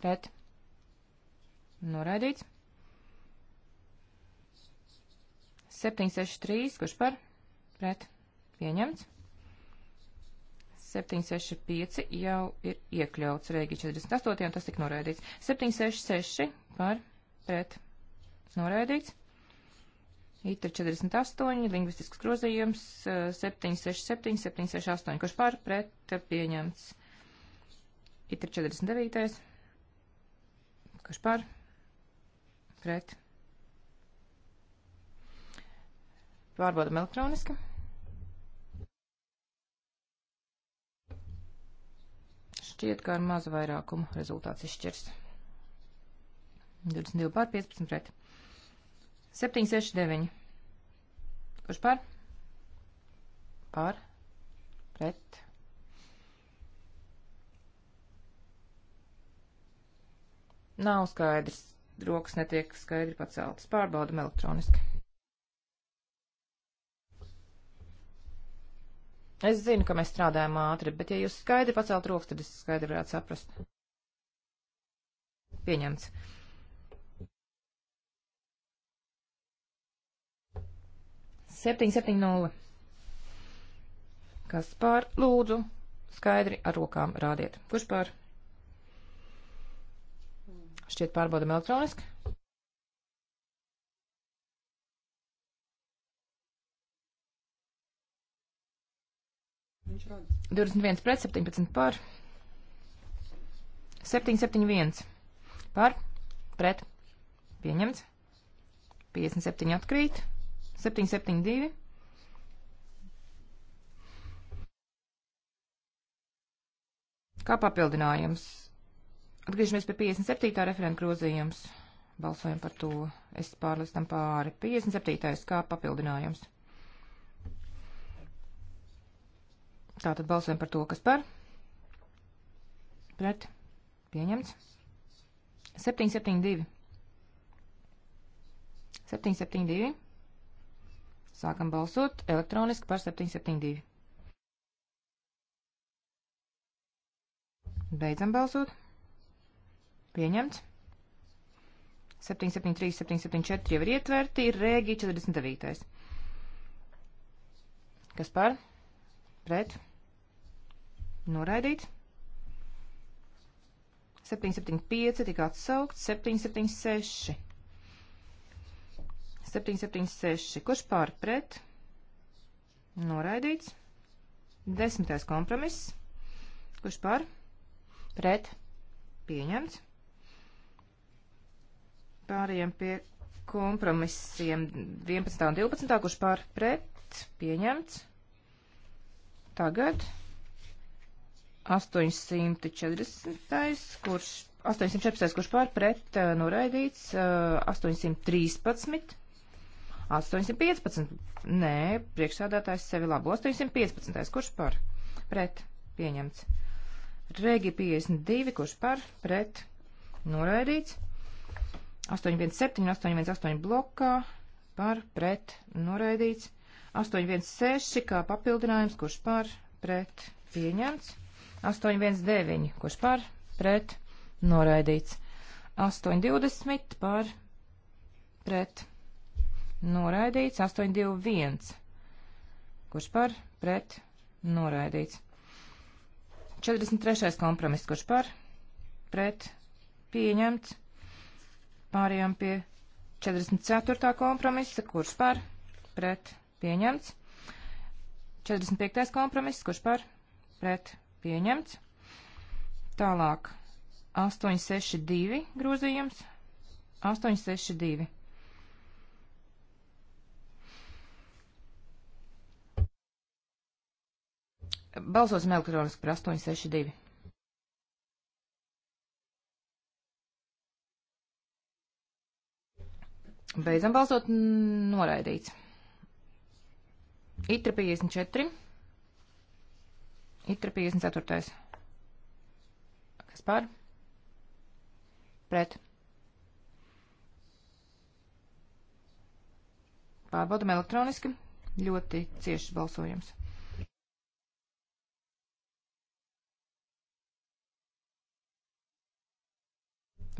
Pret. Noraidīts. 763. Kurš par? Pret. Pieņemts. 765 jau ir iekļauts Rēgi 48, un tas tika noraidīts. 766 par pret noraidīts. Itra 48, lingvistisks grozījums 767, eh, 768, kurš pār pret pieņemts. Itra 49, kurš pār pret. Pārbaudam elektroniski. Šķiet, kā ar mazu vairākumu rezultāts izšķirs. 22 pār 15 pret. 769. Kurš par? Par. Pret. Nav skaidrs. Rokas netiek skaidri paceltas. Pārbaudam elektroniski. Es zinu, ka mēs strādājam ātri, bet ja jūs skaidri pacelt rokas, tad es skaidri varētu saprast. Pieņemts. 770. Kas pār? Lūdzu, skaidri ar rokām rādiet. Kurš pār? Šķiet pārbaudam elektroniski. Viņš rodas. 21 pret 17 pār. 771 pār. Pret. Pieņemts. 57 atkrīt. 772. Kā papildinājums? Atgriežamies pie 57. referenta grozījums. Balsojam par to. Es pārlistam pāri. 57. kā papildinājums. Tātad balsojam par to, kas par. Pret. Pieņemts. 772. 772. Sākam balsot elektroniski par 772. Beidzam balsot. Pieņemts. 773, 774 jau ir ietverti, ir rēgī 49. Kas par? Pret? Noraidīts. 775 tika atsaukts, 776. 776. Kurš pār pret? Noraidīts. Desmitais kompromiss. Kurš pār? Pret. Pieņemts. Pārējiem pie kompromisiem 11. un 12. Kurš pār? Pret. Pieņemts. Tagad 840. Kurš 814. Kurš pār? Pret. Noraidīts. 813. 815. Nē, priekšsādātājs sevi labo. 815. Kurš par? Pret. Pieņemts. Regi 52. Kurš par? Pret. Noraidīts. 817 un 818 blokā. Par. Pret. Noraidīts. 816 kā papildinājums. Kurš par? Pret. Pieņemts. 819. Kurš par? Pret. Noraidīts. 820 par. Pret noraidīts, 821, kurš par, pret, noraidīts. 43. kompromiss, kurš par, pret, pieņemts. Pārējām pie 44. kompromisa, kurš par, pret, pieņemts. 45. kompromiss, kurš par, pret, pieņemts. Tālāk 862 grozījums. 862. Balsosim elektroniski par 862. Beidzam balsot noraidīts. Itra 54. Itra 54. Kas pār? Pret. Pārbaudam elektroniski. Ļoti ciešs balsojums.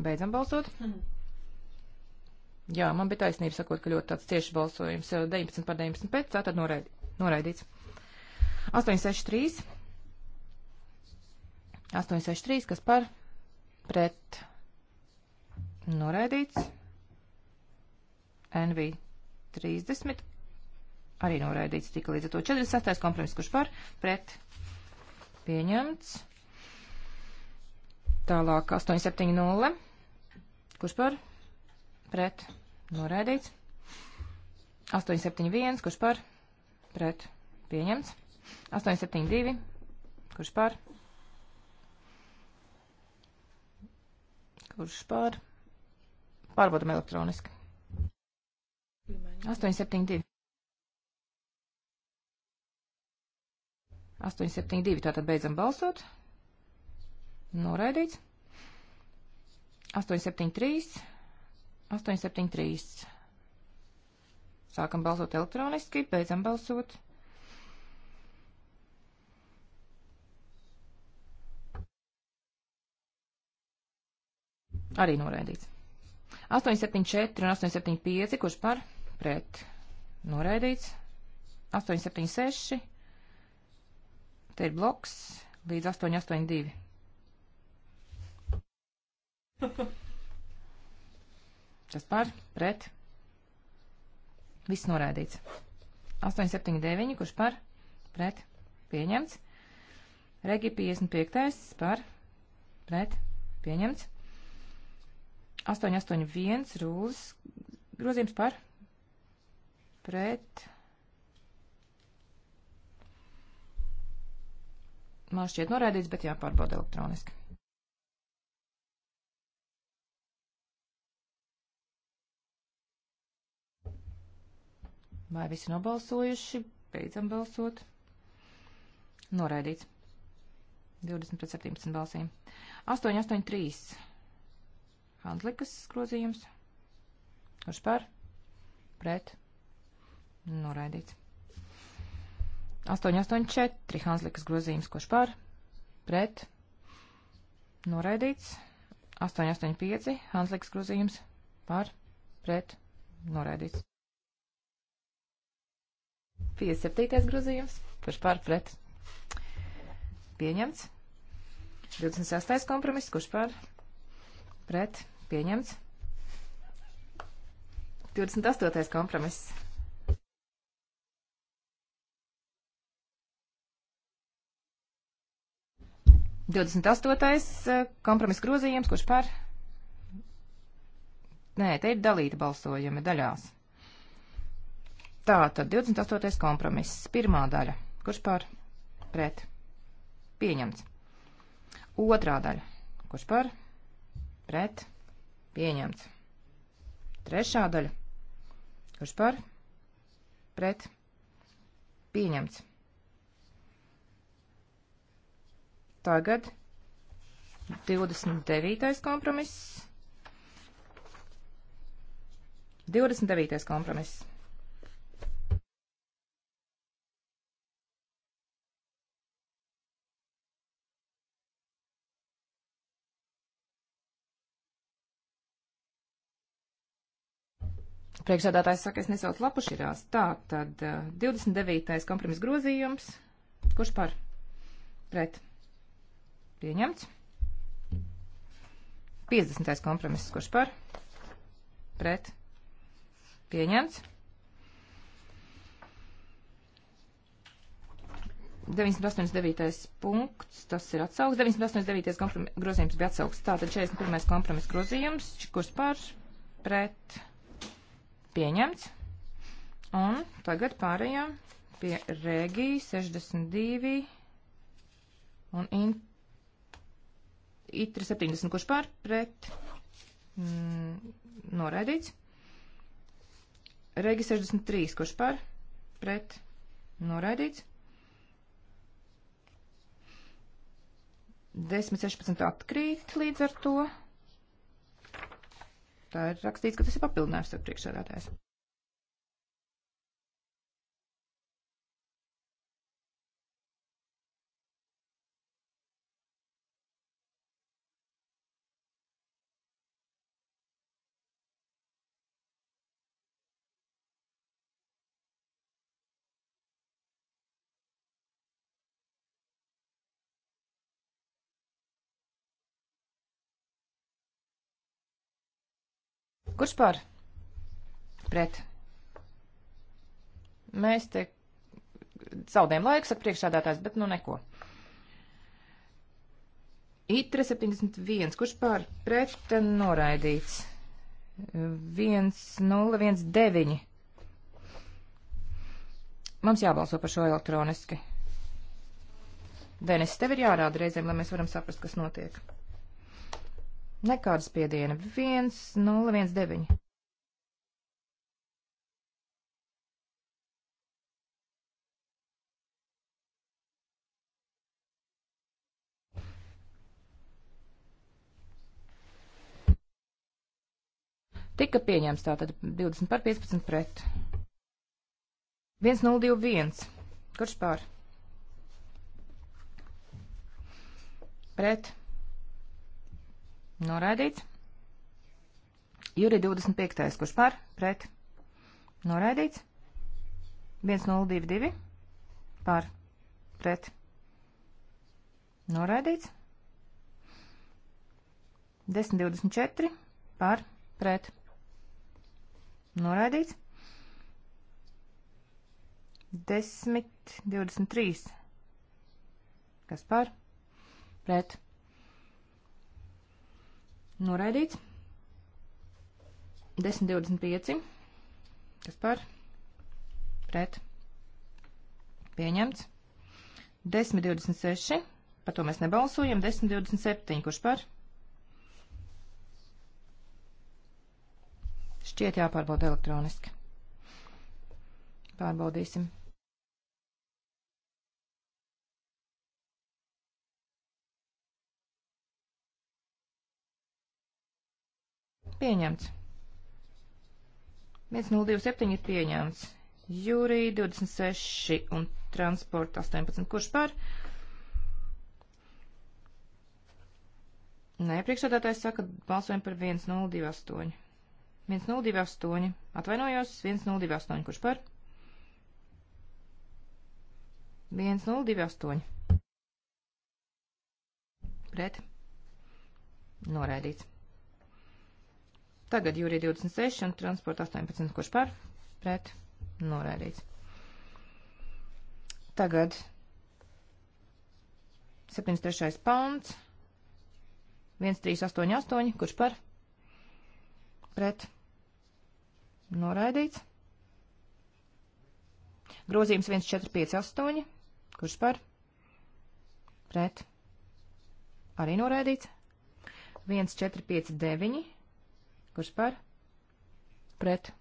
Beidzam balsot. Jā, man bija taisnība sakot, ka ļoti tāds cieši balsojums 19 eh, par 19 pēc, tātad noraid, noraidīts. 863. 863, kas par pret noraidīts. NV 30 arī noraidīts tika līdz ar to 46. kompromiss, kurš par pret pieņemts. Tālāk 870 kurš par, pret, noraidīts. 871, kurš par, pret, pieņemts. 872, kurš par, kurš par, pārbaudam elektroniski. 872. 872, tātad beidzam balsot. Noraidīts. 873, 873. Sākam balsot elektroniski, beidzam balsot. Arī noraidīts. 874 un 875, kurš par pret noraidīts. 876, te ir bloks līdz 882. Kas par? Pret. Viss noraidīts. 879, kurš par? Pret. Pieņemts. Regi 55. par. Pret. Pieņemts. 881 rūlis grozījums par. Pret. Man šķiet noraidīts, bet jāpārbauda elektroniski. Vai visi nobalsojuši? Beidzam balsot. Noraidīts. 20 pret 17 balsīm. 8, 8, 3. Handlikas grozījums. Kurš par? Pret. Noraidīts. 8, 8, 4. Handlikas grozījums. Kurš par? Pret. Noraidīts. 8, 8, 5. Handlikas grozījums. Par. Pret. Noraidīts. 57. grozījums, kurš pār pret pieņemts. 26. kompromiss, kurš pār pret pieņemts. 28. kompromiss. Divdesmit astotais eh, kompromiss grozījums, kurš par. Nē, te ir dalīta balsojumi daļās. Tā tad 28. kompromiss. Pirmā daļa. Kurš par? Pret. Pieņemts. Otrā daļa. Kurš par? Pret. Pieņemts. Trešā daļa. Kurš par? Pret. Pieņemts. Tagad 29. kompromiss. 29. kompromiss. Priekšsēdātājs saka, es nesaucu lapu širās. Tā, tad 29. Eh, kompromis grozījums. Kurš par? Pret. Pieņemts. 50. kompromiss. Kurš par? Pret. Pieņemts. 989. punkts, tas ir atsaugs. 989. grozījums bija atsaugs. Tātad 41. kompromiss grozījums. Kurš par? Pret pieņemts. Un tagad pārējām pie Rēgija 62 un in, Itra 70, kurš pār pret mm, noraidīts. Rēgija 63, kurš pār pret noraidīts. 10, 16 atkrīt līdz ar to tā ir rakstīts, ka tas ir papildinājums ar priekšsēdētājs. Kurš par? Pret. Mēs te zaudējam laiku, saka priekšsādātājs, bet nu neko. Itre 71, kurš pār pret noraidīts? 1019. Mums jābalso par šo elektroniski. Denis, tev ir jārāda reizēm, lai mēs varam saprast, kas notiek. Nekāda spiediena. 1019. Tika pieņemts tātad 20 par 15 pret. 1021. Kurš pār? Pret. Noraidīts. Juri 25. Kurš par? Pret. Noraidīts. 1022. Par. Pret. Noraidīts. 1024. Par. Pret. Noraidīts. 1023. Kas par? Pret. Noraidīts. 10.25. Kas par? Pret. Pieņemts. 10.26. Par to mēs nebalsojam. 10.27. Kurš par? Šķiet jāpārbauda elektroniski. Pārbaudīsim. 10.27. Pieņemts. 1027 ir pieņemts. Jūrī 26 un transporta 18. Kurš par? Nē, priekšsādātājs saka, balsojam par 1028. 1028. Atvainojos, 1028. Kurš par? 1028. Pret. Noraidīts. Tagad jūrī 26 un transporta 18, kurš par, pret, norēdīts. Tagad 73. pants, 1388, kurš par, pret, norēdīts. Grozījums 1458, kurš par, pret, arī norēdīts. 1459, Kurš par? Pret.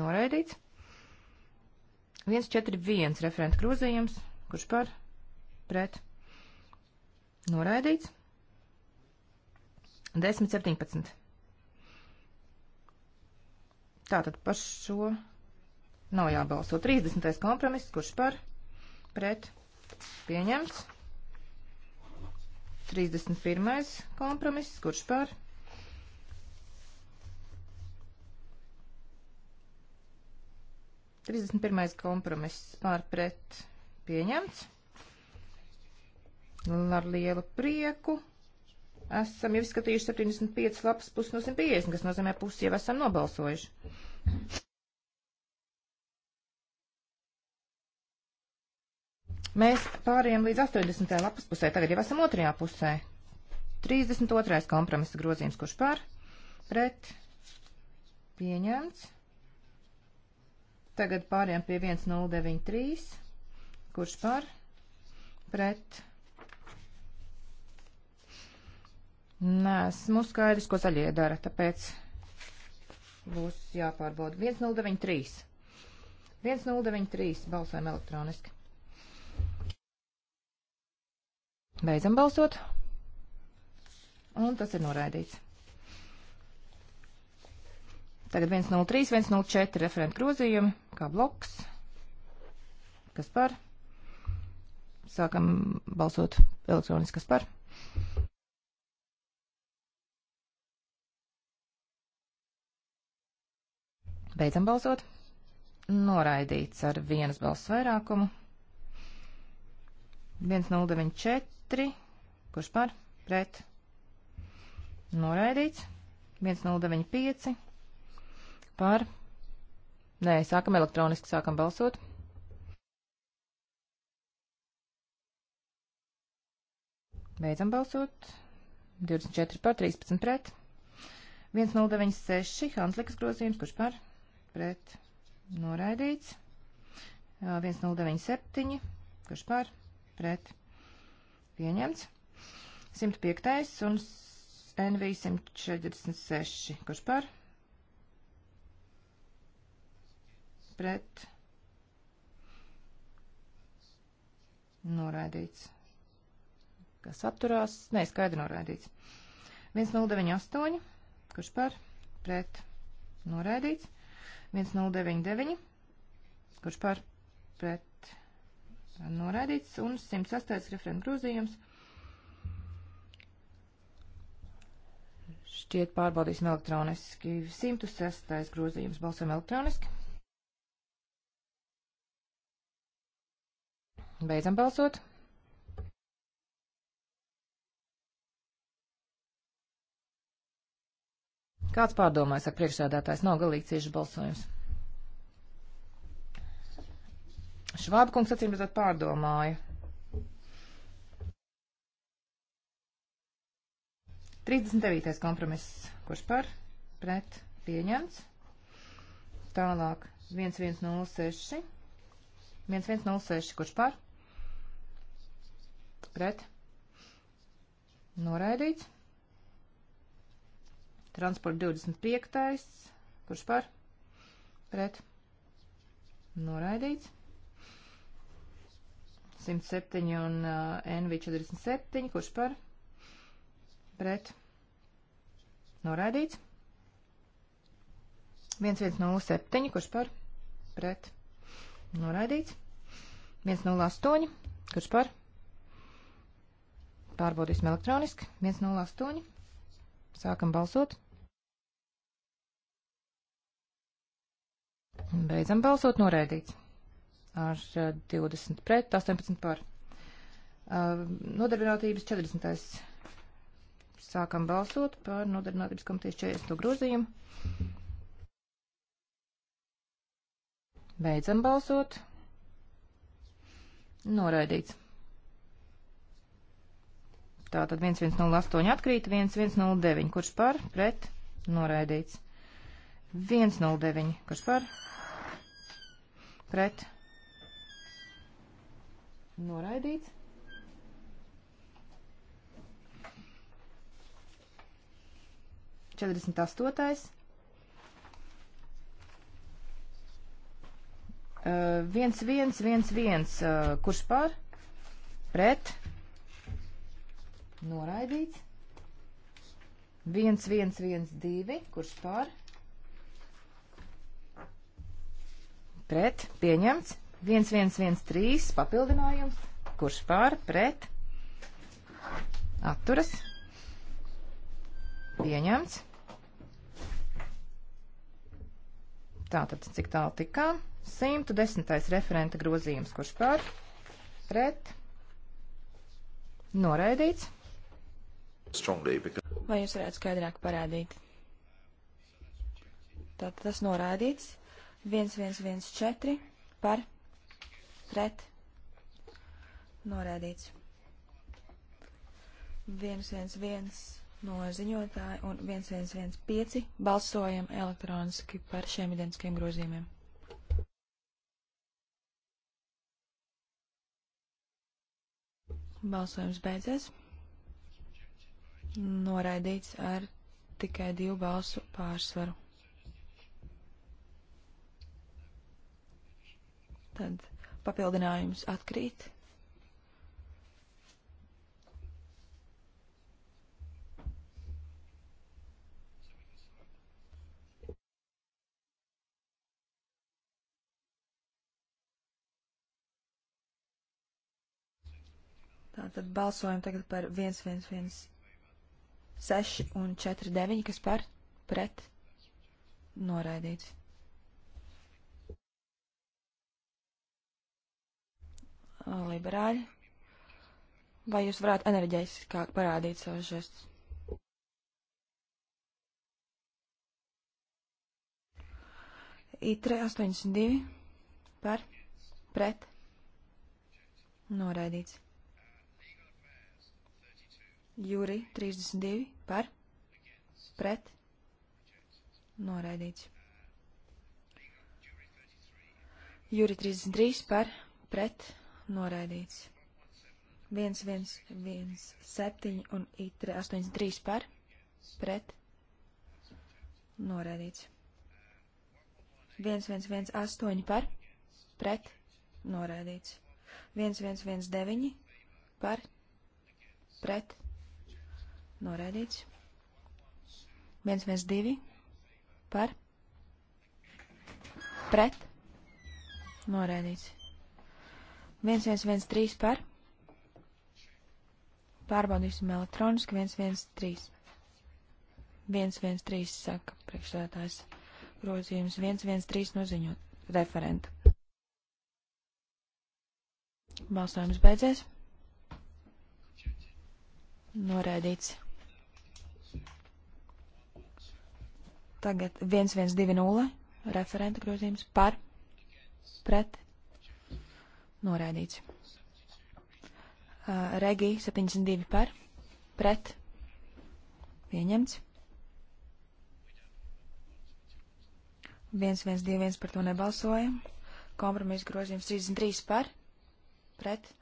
Noraidīts. 141 referenta grozījums. Kurš par? Pret. Noraidīts. 10.17. Tātad par šo nav jābalso. 30. kompromiss. Kurš par? Pret. Pieņemts. 31. kompromiss. Kurš par? Pret. 31. kompromiss par pret pieņemts. Ar lielu prieku esam jau izskatījuši 75 lapas pusi no 150, kas nozīmē pusi jau esam nobalsojuši. Mēs pārējām līdz 80. lapas pusē, tagad jau esam otrajā pusē. 32. kompromisa grozījums, kurš par, pret, pieņemts. Tagad pāriem pie 1093, kurš par pret. Nē, esmu skaidrs, ko zaļie dara, tāpēc būs jāpārbauda. 1093. 1093 balsojam elektroniski. Beidzam balsot. Un tas ir noraidīts. Tagad 103, 104 referentu grozījumi, kā bloks. Kas par? Sākam balsot elektroniski, kas par? Beidzam balsot. Noraidīts ar vienas balss vairākumu. 1094, kurš par? Pret. Noraidīts. 1095 par. Nē, sākam elektroniski, sākam balsot. Beidzam balsot. 24 par 13 pret. 1096 Hanslikas grozījums, kurš par pret noraidīts. 1097, kurš par pret pieņemts. 105 un NV 146, kurš par pret pret noraidīts. Kas atturās? Nē, skaidri noraidīts. 1098, kurš par pret noraidīts. 1099, kurš par pret noraidīts. Un 108 referenta grozījums. Šķiet pārbaudīsim elektroniski. 106. grozījums balsam elektroniski. Beidzam balsot. Kāds pārdomāja, saka priekšsēdētājs, nav galīgi cieši balsojums. Švāba kungs acīm redzot pārdomāja. 39. kompromiss, kurš par, pret, pieņemts. Tālāk 1106, 1106, kurš par, pret noraidīts. Transporta 25. Kurš par? Pret. Noraidīts. 107 un uh, NV47. Kurš par? Pret. Noraidīts. 1107. Kurš par? Pret. Noraidīts. 108. Kurš par? Pārbaudīsim elektroniski. 108. Sākam balsot. Beidzam balsot noraidīts. Ar 20 eh, pret, 18 par. Eh, nodarbinātības 40. Sākam balsot par nodarbinātības komitejas 40. grozījumu. Beidzam balsot. Noraidīts. Tātad 1108 atkrīt, 1109, kurš par, pret, noraidīts. 109, kurš par, pret, noraidīts. Četrdesmit astotais. Uh, viens, viens, viens, viens, uh, kurš par, pret, noraidīts. 1112, kurš pār? Pret, pieņemts. 1113, papildinājums, kurš pār? Pret, atturas, pieņemts. Tātad, cik tālu tikām? 110. referenta grozījums, kurš pār? Pret, noraidīts. Vai jūs varētu skaidrāk parādīt? Tātad tas norādīts 1114 par pret norādīts 111 no ziņotāja un 1115 balsojam elektroniski par šiem identiskiem grozījumiem. Balsojums beidzies noraidīts ar tikai divu balsu pārsvaru. Tad papildinājums atkrīt. Tātad balsojam tagad par 111 6 un 4, 9, kas par pret noraidīts. Liberāļi, vai jūs varētu enerģiskāk parādīt savus žestus? ITRE 82 par pret noraidīts. Jūri 32 par, pret, noraidīts. Jūri 33 par, pret, noraidīts. 1, 1, 1, 7 un itre 83 par, pret, noraidīts. 1, 1, 1, 8 par, pret, noraidīts. 1, 1, 1, 9 par, pret, noraidīts Noraidīts. 112 par. Pret. Noraidīts. 1113 par. Pārbaudīsim elektroniski 113. 113 saka priekšsētājs grozījums 113 noziņot referentu. Balsojums beidzies. Noraidīts. Tagad 1120 referenta grozījums par pret noraidīts. Uh, Regi 72 par pret pieņemts. 1121 par to nebalsoja. Kompromisa grozījums 33 par pret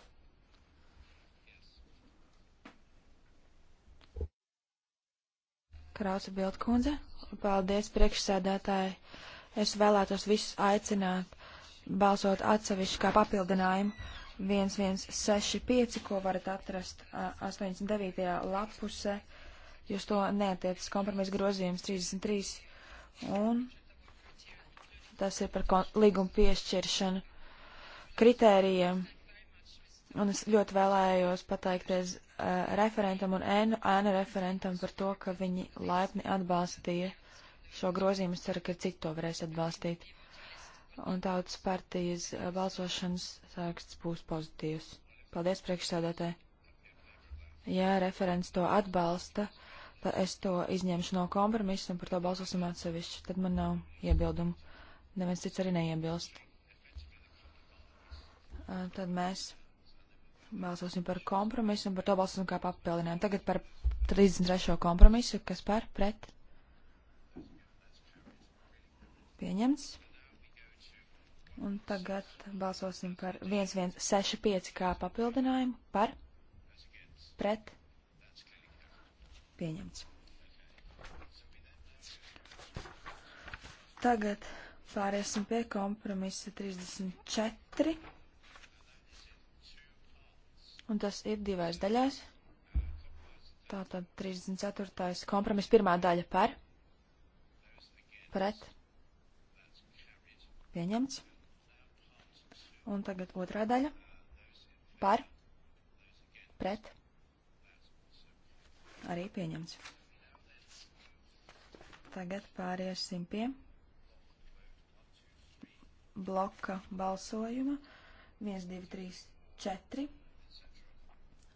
Krausa Bildkundze. Paldies, priekšsēdētāji. Es vēlētos visus aicināt balsot atsevišķi kā papildinājumu 1165, ko varat atrast a, 89. lapuse, jūs to neatiecas kompromisa grozījums 33, un tas ir par līgumu piešķiršanu kritērijiem. Un es ļoti vēlējos pateikties uh, referentam un ēnu, ēnu referentam par to, ka viņi laipni atbalstīja šo grozījumu. Es ceru, ka citi to varēs atbalstīt. Un tautas partijas uh, balsošanas sāksts būs pozitīvs. Paldies priekšsēdētē. Ja referents to atbalsta, tad es to izņemšu no kompromisa un par to balsosim atsevišķi. Tad man nav iebildumu. Neviens cits arī neiebilst. Uh, tad mēs Balsosim par kompromisu un par to balsosim kā papildinājumu. Tagad par 33. kompromisu, kas par pret. Pieņemts. Un tagad balsosim par 1165 kā papildinājumu par pret. Pieņemts. Tagad pāriesim pie kompromisa 34 un tas ir divās daļās. Tātad 34. kompromis pirmā daļa par, pret, pieņemts. Un tagad otrā daļa par, pret, arī pieņemts. Tagad pāriesim pie bloka balsojuma 1, 2, 3, 4.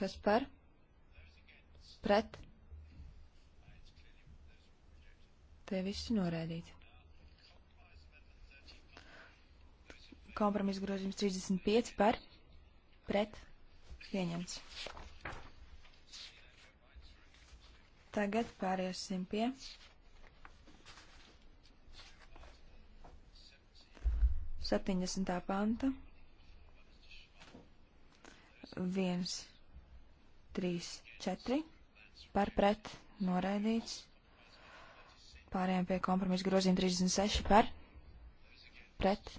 kas par, pret, tie visi norēdīti. Kompromis grozījums 35 par, pret, pieņemts. Tagad pāriesim pie 70. panta. 1 3, 4 par pret noraidīts. Pārējām pie kompromisa grozījuma 36 par pret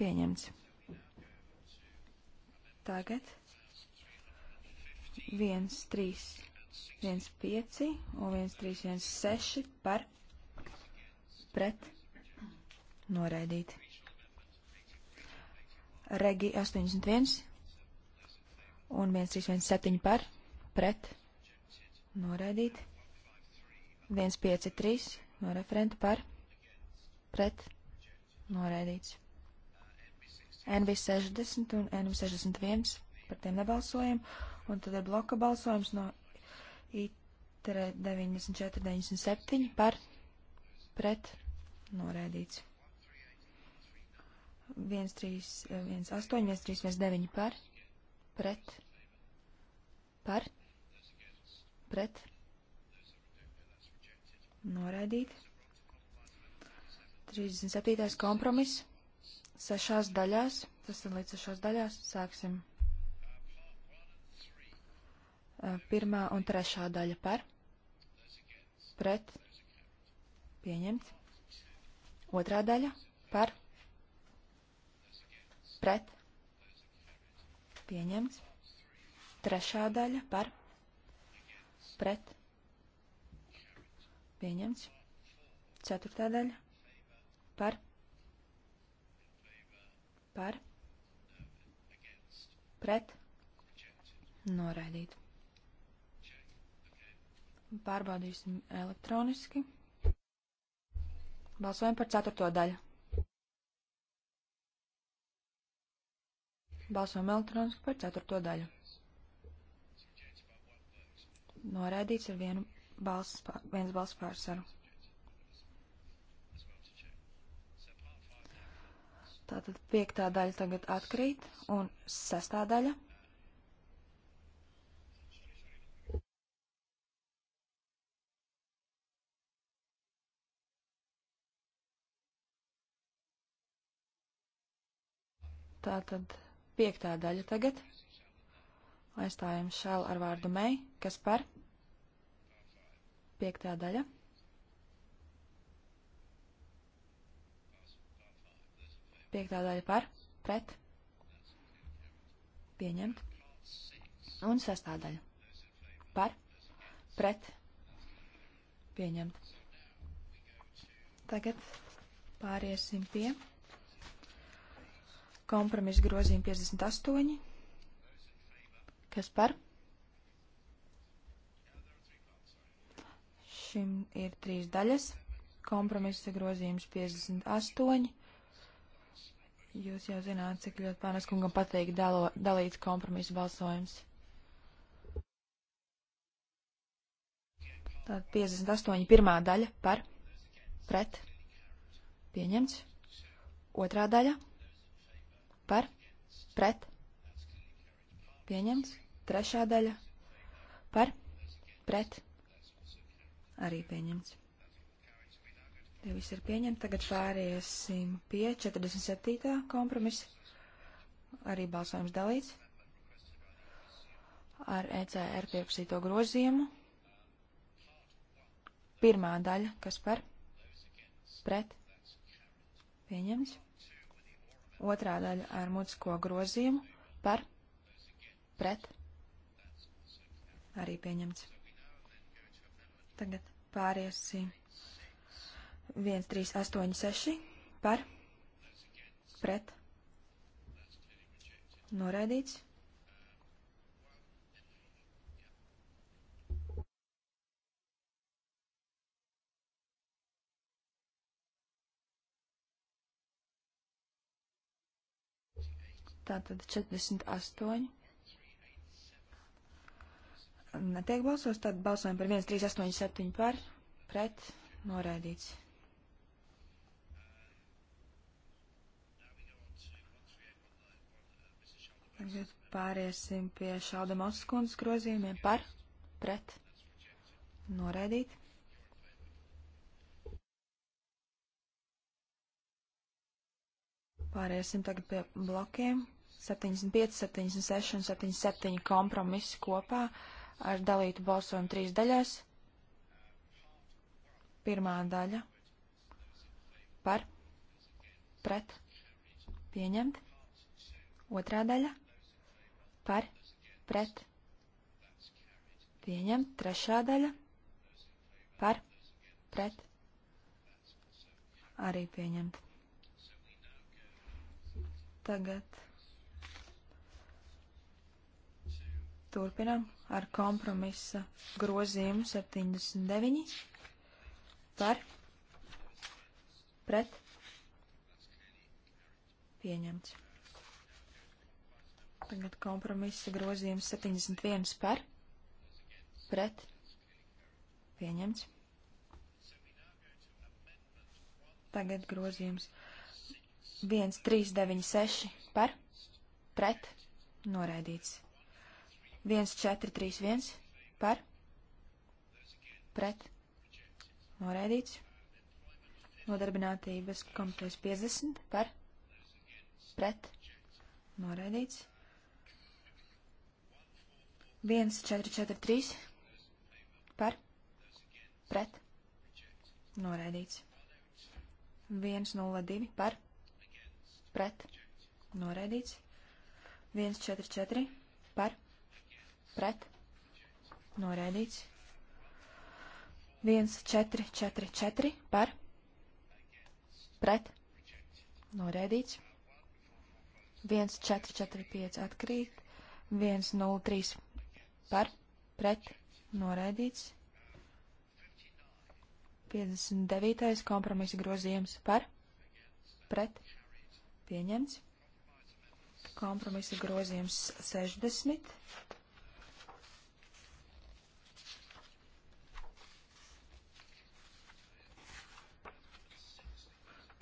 pieņemts. Tagad 1, 3, 1, 5 un 1, 3, 1, 6 par pret noraidīt. Regi 81 un 1317 par, pret, noraidīt, 153 no referenta par, pret, noraidīts. NV60 un NV61 par tiem nebalsojam, un tad ir bloka balsojums no ITRE 94, 97 par, pret, noraidīts. 1, 3, 1, 8, 1, 3, 1, 9 par, pret pret, par, pret, noraidīt. 37. kompromiss, sešās daļās, tas ir līdz sešās daļās, sāksim. Pirmā un trešā daļa par, pret, pieņemt. Otrā daļa par, pret, pieņemts. Trešā daļa par pret pieņemts. Ceturtā daļa par par pret noraidīt. Pārbaudīsim elektroniski. Balsojam par ceturto daļu. Balsojam elektroniski par ceturto daļu. Noraidīts ar vienu balss, viens balss pārsvaru. Tātad piektā daļa tagad atkrīt, un sestā daļa. Tātad Piektā daļa tagad. Aizstājam shell ar vārdu may, kas par. Piektā daļa. Piektā daļa par, pret, pieņemt. Un sestā daļa par, pret, pieņemt. Tagad pāriesim pie Kompromiss grozījumi 58. Kas par? Šim ir trīs daļas. Kompromisa grozījums 58. Jūs jau zināt, cik ļoti Pānas kungam patīk dalo, dalīts kompromisa balsojums. Tātad 58. pirmā daļa par pret pieņemts. Otrā daļa par, pret, pieņemts. Trešā daļa par, pret, arī pieņemts. Te viss ir pieņemts. Tagad pāriesim pie 47. kompromisa. Arī balsojums dalīts ar ECR pieprasīto grozījumu. Pirmā daļa, kas par, pret, pieņemts. Otrā daļa ar mutisko grozījumu par pret arī pieņemts. Tagad pāriesim 1, 3, 8, 6 par pret noraidīts. Tātad 48. Netiek balsos, tad balsojam par 1, 3, 8, 7 par, pret, noraidīts. Tagad pāriesim pie šauda Mosas kundzes grozījumiem par, pret, noraidīt. Pāriesim tagad pie blokiem. 75, 76 un 77 kompromisi kopā ar dalītu balsojumu trīs daļās. Pirmā daļa par, pret, pieņemt. Otrā daļa par, pret, pieņemt. Trešā daļa par, pret, arī pieņemt. Tagad turpinam ar kompromisa grozījumu 79 par pret pieņemts. Tagad kompromisa grozījums 71 par pret pieņemts. Tagad grozījums 1. 1, 3, 9, 6 par, pret, noraidīts. 1, 4, 3, 1 par, pret, noraidīts. Nodarbinātības komitejas 50 par, pret, noraidīts. 1, 4, 4, 3 par, pret, noraidīts. 1, 0, 2 par, pret pret, noraidīts. 144 par, pret, noraidīts. 1444 par, pret, noraidīts. 1445 atkrīt, 103 par, pret, noraidīts. 59. kompromisa grozījums par, pret, noraidīts Pieņemts. Kompromisa grozījums 60.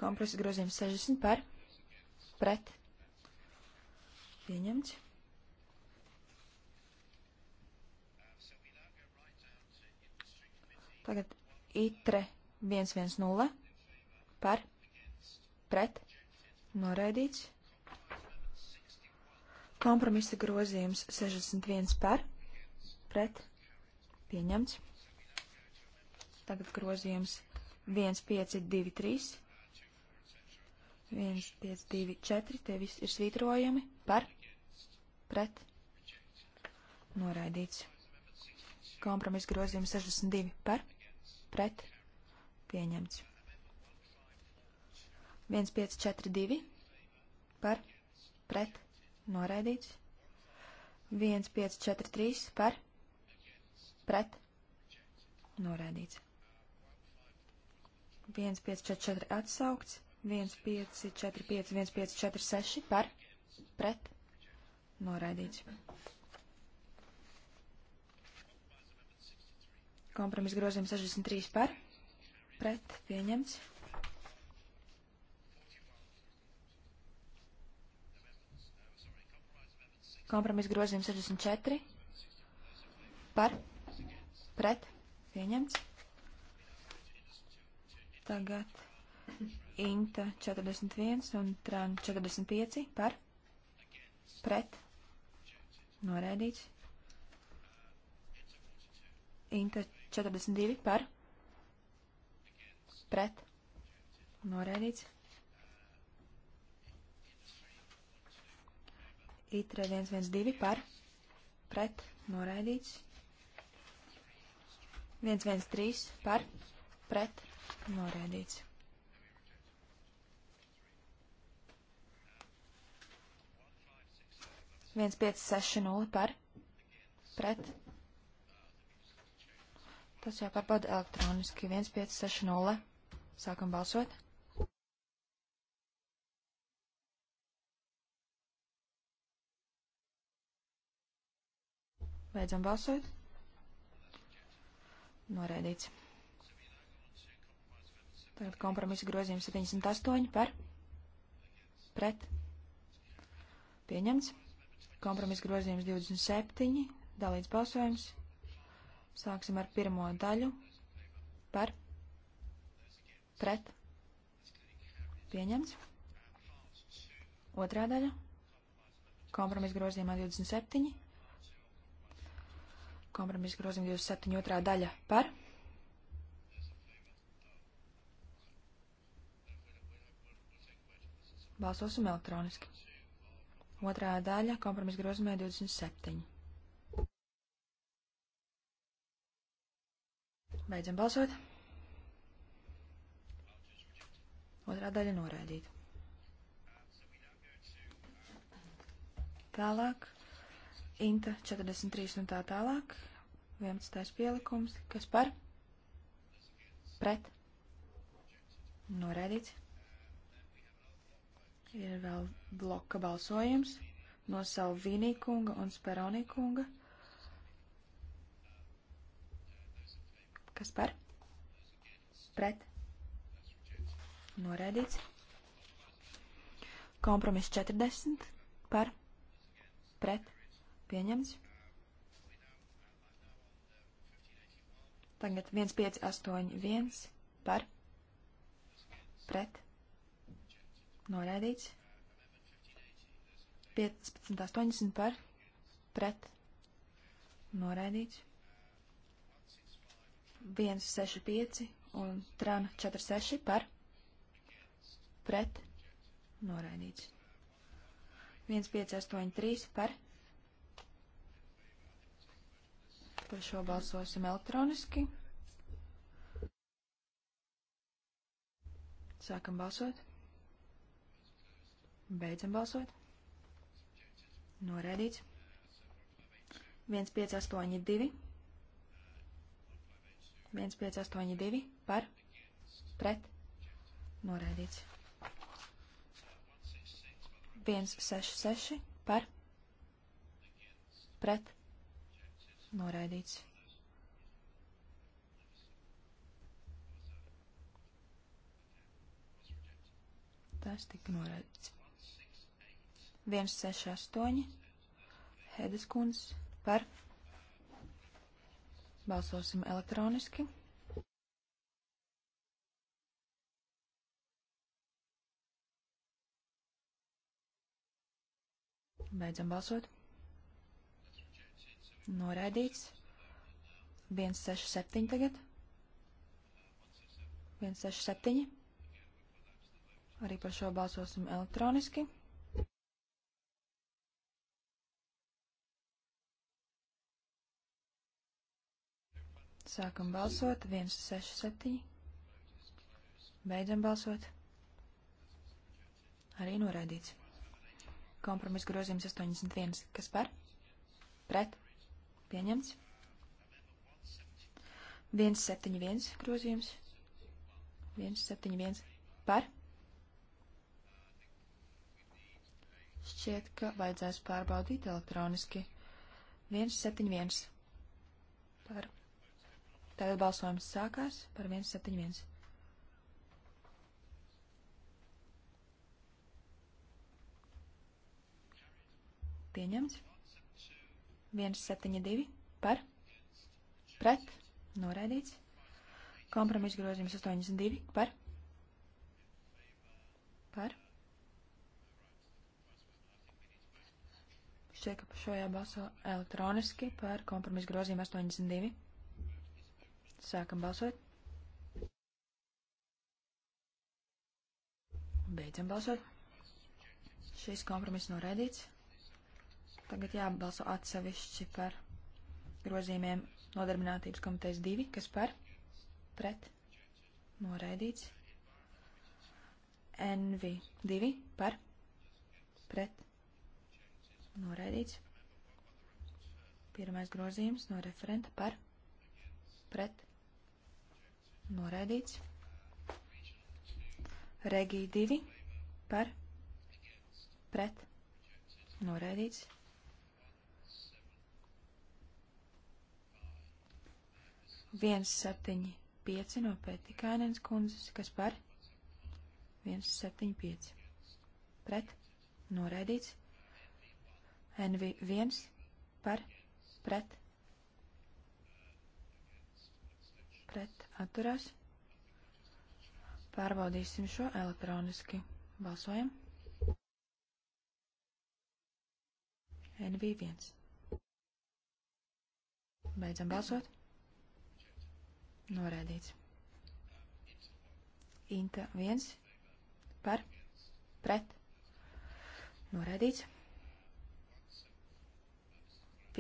Kompromisa grozījums 60 par pret. Pieņemts. Tagad itre 110 par pret Noraidīts. Kompromisa grozījums 61 par, pret, pieņemts. Tagad grozījums 1523, 1524, tie visi ir svītrojami par, pret, noraidīts. Kompromisa grozījums 62 par, pret, pieņemts. 1542 par pret noraidīts. 1543 par pret noraidīts. 1544 atsaukts. 1545, 1546 par pret noraidīts. Kompromis grozījums 63 par pret pieņemts. Kompromis grozījums 64 par pret pieņemts. Tagad Inta 41 un Tran 45 par pret norēdīts. Inta 42 par pret norēdīts. Itre 112 par pret noraidīts. 113 par pret noraidīts. viens pieci seši nulli par pret. Tas jāpārbauda elektroniski. viens pieci seši nulli. Sākam balsot. Beidzam balsot. Noraidīts. Tagad kompromisa grozījums 78 par. Pret. Pieņemts. Kompromisa grozījums 27. Dalīts balsojums. Sāksim ar pirmo daļu. Par. Pret. Pieņemts. Otrā daļa. Kompromisa grozījumā 27 kompromisa grozījuma 272. daļa par. Balsosim elektroniski. Otrā daļa kompromisa grozījumā 27. Beidzam balsot. Otrā daļa norēdīta. Tālāk. Inta 43 un tā tālāk. 11. pielikums, kas par? Pret. Noraidīts. Ir vēl bloka balsojums no Salvīnī kunga un Speronī kunga. Kas par? Pret. Noraidīts. Kompromiss 40 par. Pret. Pieņemts. Tagad 1581 par pret noraidīts. 1580 par pret noraidīts. 165 un tran 46 par pret noraidīts. 1583 par pret Par šo balsosim elektroniski. Sākam balsot. Beidzam balsot. Norēdīts. 1582. 1582 par pret. Norēdīts. 166 par pret noraidīts. Tas tika noraidīts. 168 Hedas kundze par balsosim elektroniski. Beidzam balsot. Noraidīts. 167 tagad. 167. Arī par šo balsosim elektroniski. Sākam balsot. 167. Beidzam balsot. Arī noraidīts. Kompromis grozījums 81. Kas par? Pret? Pieņemts. 171 grozījums. 171 par. Šķiet, ka vajadzēs pārbaudīt elektroniski. 171 par. Tātad balsojums sākās par 171. Pieņemts. 172 par, pret, noraidīts. Kompromiss grozījums 82 par, par. Šķiet, ka par šo jābalso elektroniski par kompromisu grozījumu 82. Sākam balsot. Beidzam balsot. Šis kompromiss noraidīts. Tagad jābalso atsevišķi par grozījumiem nodarbinātības komitejas divi, kas par pret noraidīts. NV divi par pret noraidīts. Pirmais grozījums no referenta par pret noraidīts. Regija divi par pret noraidīts. 175 no Pētikānens kundzes, kas par 175. Pret, noraidīts. NV1 par, pret, pret, atturās. Pārbaudīsim šo elektroniski. Balsojam. NV1. Beidzam balsot. Norēdīts. Inta 1 par pret. Norēdīts.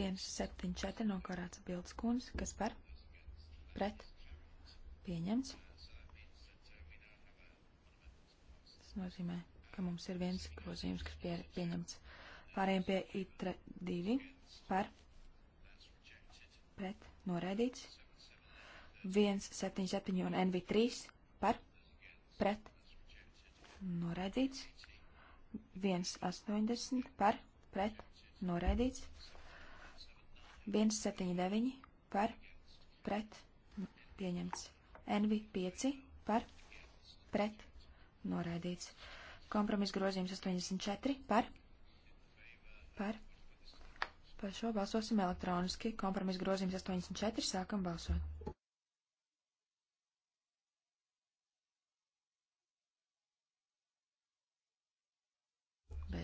174 no Karāca bildes kundas, kas par pret. Pieņemts. Tas nozīmē, ka mums ir viens grozījums, kas pie, pieņemts. Pārējiem pie itre 2 par pret. Norēdīts. 177 un NV3 par pret noraidīts. 180 par pret noraidīts. 179 par pret pieņemts. NV5 par pret noraidīts. Kompromis grozījums 84 par par par šo balsosim elektroniski. Kompromis grozījums 84 sākam balsot.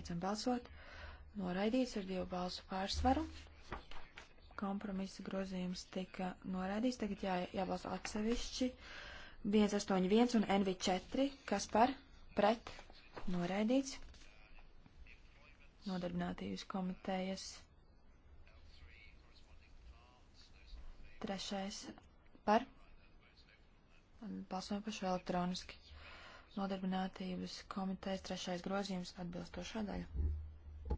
Beidzam balsot. Noraidīts ar divu balsu pārsvaru. Kompromisa grozījums tika noraidīts. Tagad jā, jābalso atsevišķi. 181 un NV4, kas par pret noraidīts. Nodarbinātības komitejas trešais par. Balsojam par šo elektroniski. Nodarbinātības komitejas trešais grozījums atbilstošā daļa.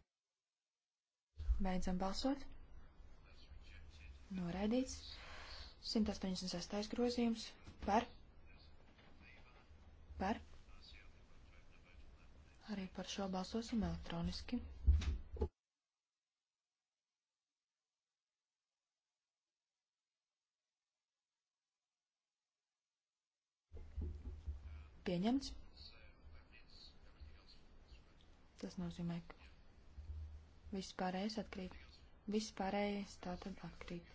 Beidzam balsot. Noraidīts. 186. grozījums par. Par. Arī par šo balsosim elektroniski. pieņemts. Tas nozīmē, ka viss pārējais atkrīt. Viss pārējais tātad atkrīt.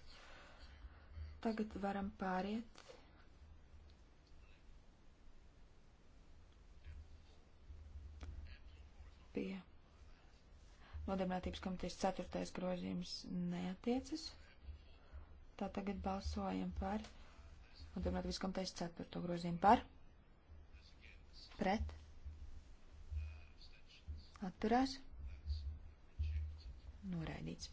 Tagad varam pāriet. Pie Nodarbinātības komitejas ceturtais grozījums neatiecas. Tā tagad balsojam par Nodarbinātības komitejas ceturto grozījumu par pret, atturās, noraidīts.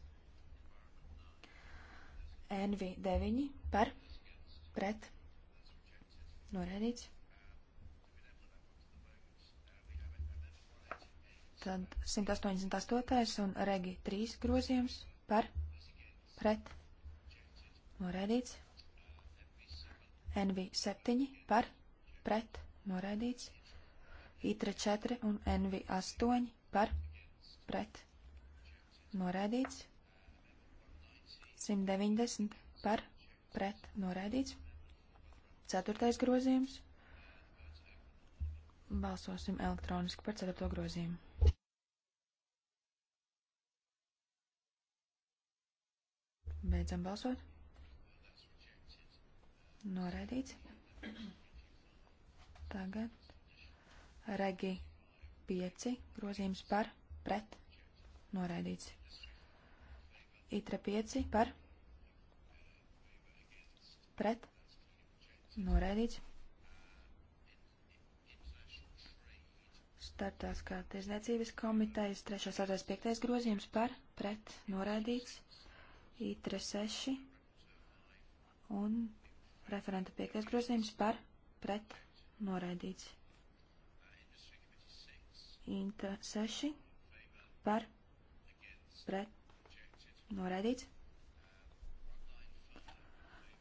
NV9 par, pret, noraidīts. Tad 188. un regi 3 grozījums par, pret, noraidīts. NV7 par, pret, noraidīts. ITRA 4 un NV 8 par pret noraidīts. 190 par pret noraidīts. Ceturtais grozījums. Balsosim elektroniski par ceturto grozījumu. Beidzam balsot. Noraidīts. Tagad Regi 5 grozījums par pret noraidīts. Itra 5 par pret noraidīts. Startautiskā tirzniecības komitejas 3. 4. 5. grozījums par pret noraidīts. Itra 6 un referenta 5. grozījums par pret noraidīts. Inta 6 par pret noraidīts.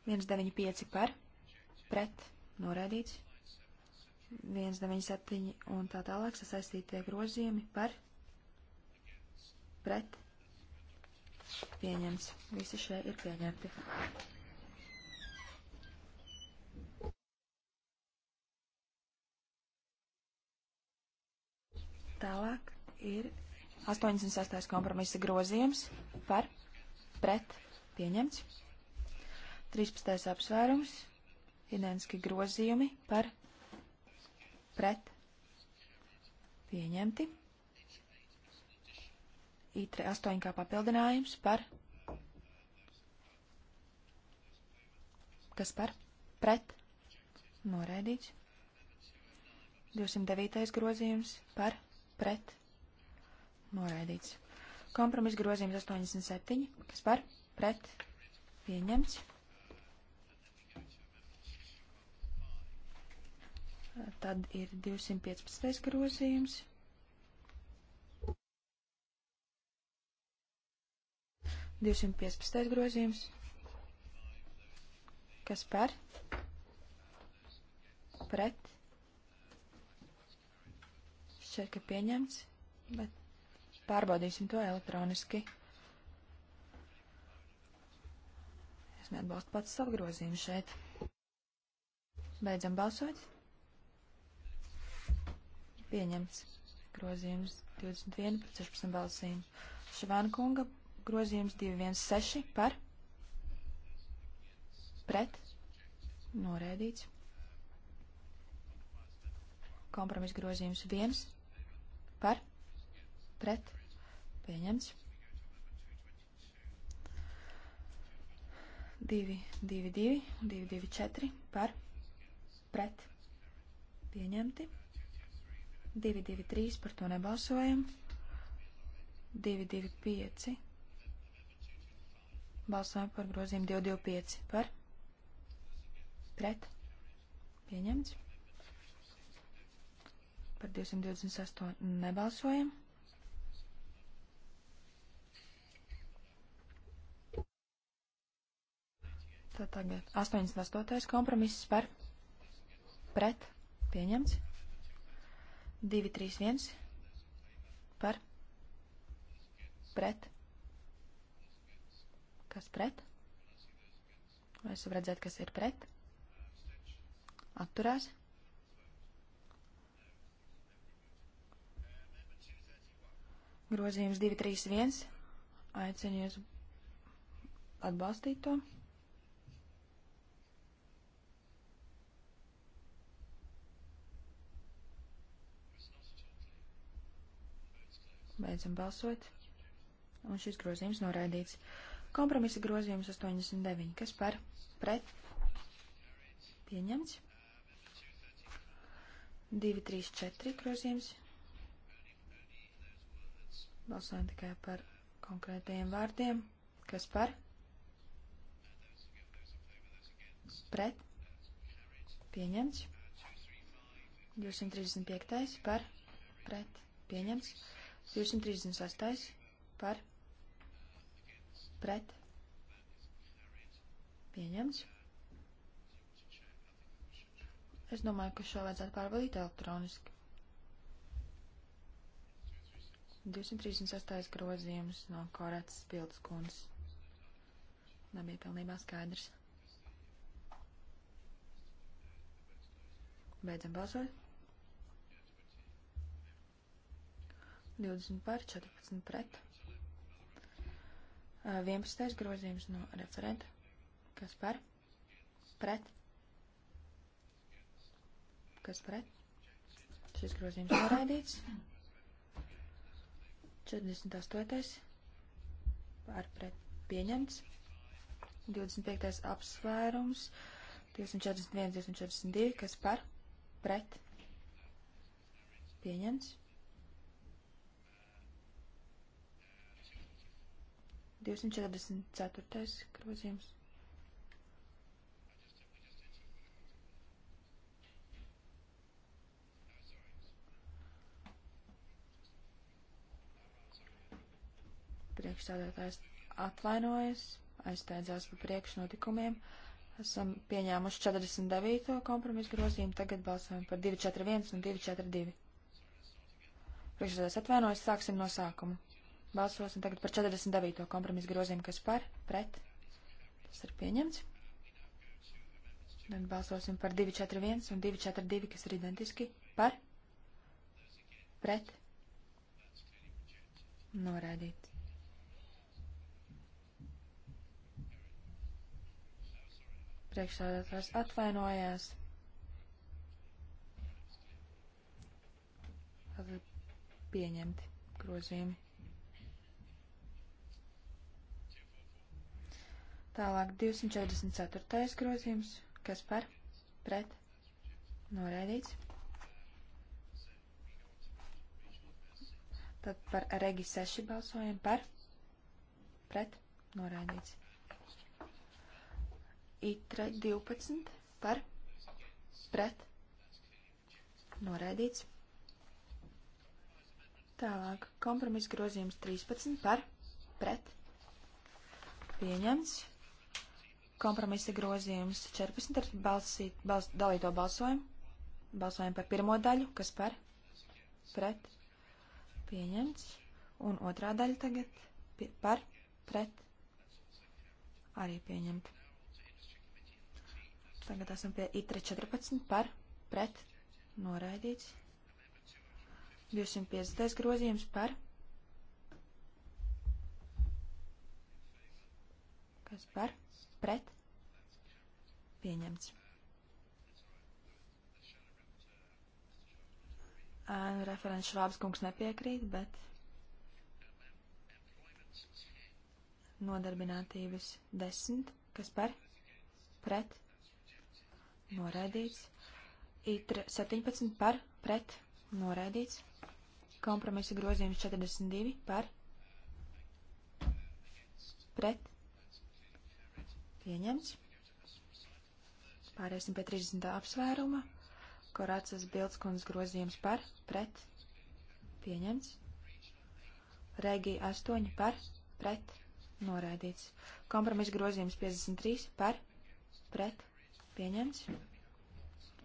195 par pret noraidīts. 197 un tā tālāk sasaistītie grozījumi par pret pieņems. Visi šie ir pieņemti. Tālāk ir 86. kompromisa grozījums par pret pieņemts. 13. apsvērums identiski grozījumi par pret pieņemti. Itre 8 kā papildinājums par kas par pret noraidīts. 209. grozījums par pret pret noraidīts. Kompromis grozījums 87, kas par pret pieņemts. Tad ir 215. grozījums. Divsimt piecpadsmitais grozījums. Kas par? Pret Šķiet, ka pieņemts, bet pārbaudīsim to elektroniski. Es neatbalstu pats savu grozījumu šeit. Beidzam balsot. Pieņemts grozījums 21 par 16 balsīm. Šavāna kunga grozījums 216 par pret norēdīts. Kompromis grozījums 1 par, pret, pieņemts. 2, 2, 2 un 2, 2, 4 par, pret, pieņemti. 2, 2, 3 par to nebalsojam. 2, 2, 5 balsojam par grozījumu 2, 2, 5 par, pret, pieņemts. Par 228 nebalsojam. Tā tagad 88. kompromiss par pret pieņemts. 2, 3, 1 par pret. Kas pret? Vai esmu redzēt, kas ir pret? Atturās. Grozījums 231. Aicinu jūs atbalstīt to. Beidzam balsot. Un šis grozījums noraidīts. Kompromisa grozījums 89. Kas par? Pret? Pieņemts. 234 grozījums. Balsojam tikai par konkrētajiem vārdiem. Kas par? Pret? Pieņemts. 235. par? Pret? Pieņemts. 236. par? Pret? Pieņemts. Es domāju, ka šo vajadzētu pārbaudīt elektroniski. 238. grozījums no Korats Pildes kundas. Nebija pilnībā skaidrs. Beidzam balsot. 20 par 14 pret. 11. grozījums no referenta. Kas par? Pret. Kas pret? Šis grozījums noraidīts. 48. pārpret pieņemts. 25. apsvērums 241, 242, kas par pret pieņemts. 244. grozījums Priekšsēdētājs atvainojas, aizsteidzās par priekšnotikumiem. Esam pieņēmuši 49. kompromisu grozījumu, tagad balsojam par 241 un 242. Priekšsēdētājs atvainojas, sāksim no sākuma. Balsosim tagad par 49. kompromisu grozījumu, kas par, pret. Tas ir pieņemts. Tad balsosim par 241 un 242, kas ir identiski. Par? Pret? Noraidīt. Priekšsēdētājs atvainojās. Tad pieņemti grozījumi. Tālāk 244. grozījums, kas par pret noraidīts. Tad par regi 6 balsojam par pret noraidīts. Itra 12 par pret noraidīts. Tālāk kompromis grozījums 13 par pret pieņemts. Kompromisa grozījums 14 ar balsīt, bals, dalīto balsojumu. Balsojam par pirmo daļu, kas par pret pieņemts. Un otrā daļa tagad par pret arī pieņemta. Tagad esam pie ITRE 14 par pret noraidīts. 250. grozījums par. Kas par? Pret. Pieņemts. Ēnu referents Švābs kungs nepiekrīt, bet nodarbinātības 10. Kas par? Pret noraidīts. Itra 17 par, pret, noraidīts. Kompromisa grozījums 42 par, pret, pieņemts. Pāriesim pie 30. apsvēruma. Korācijas bildskundas grozījums par, pret, pieņemts. Regi 8 par, pret, noraidīts. Kompromisa grozījums 53 par, pret, pieņemts.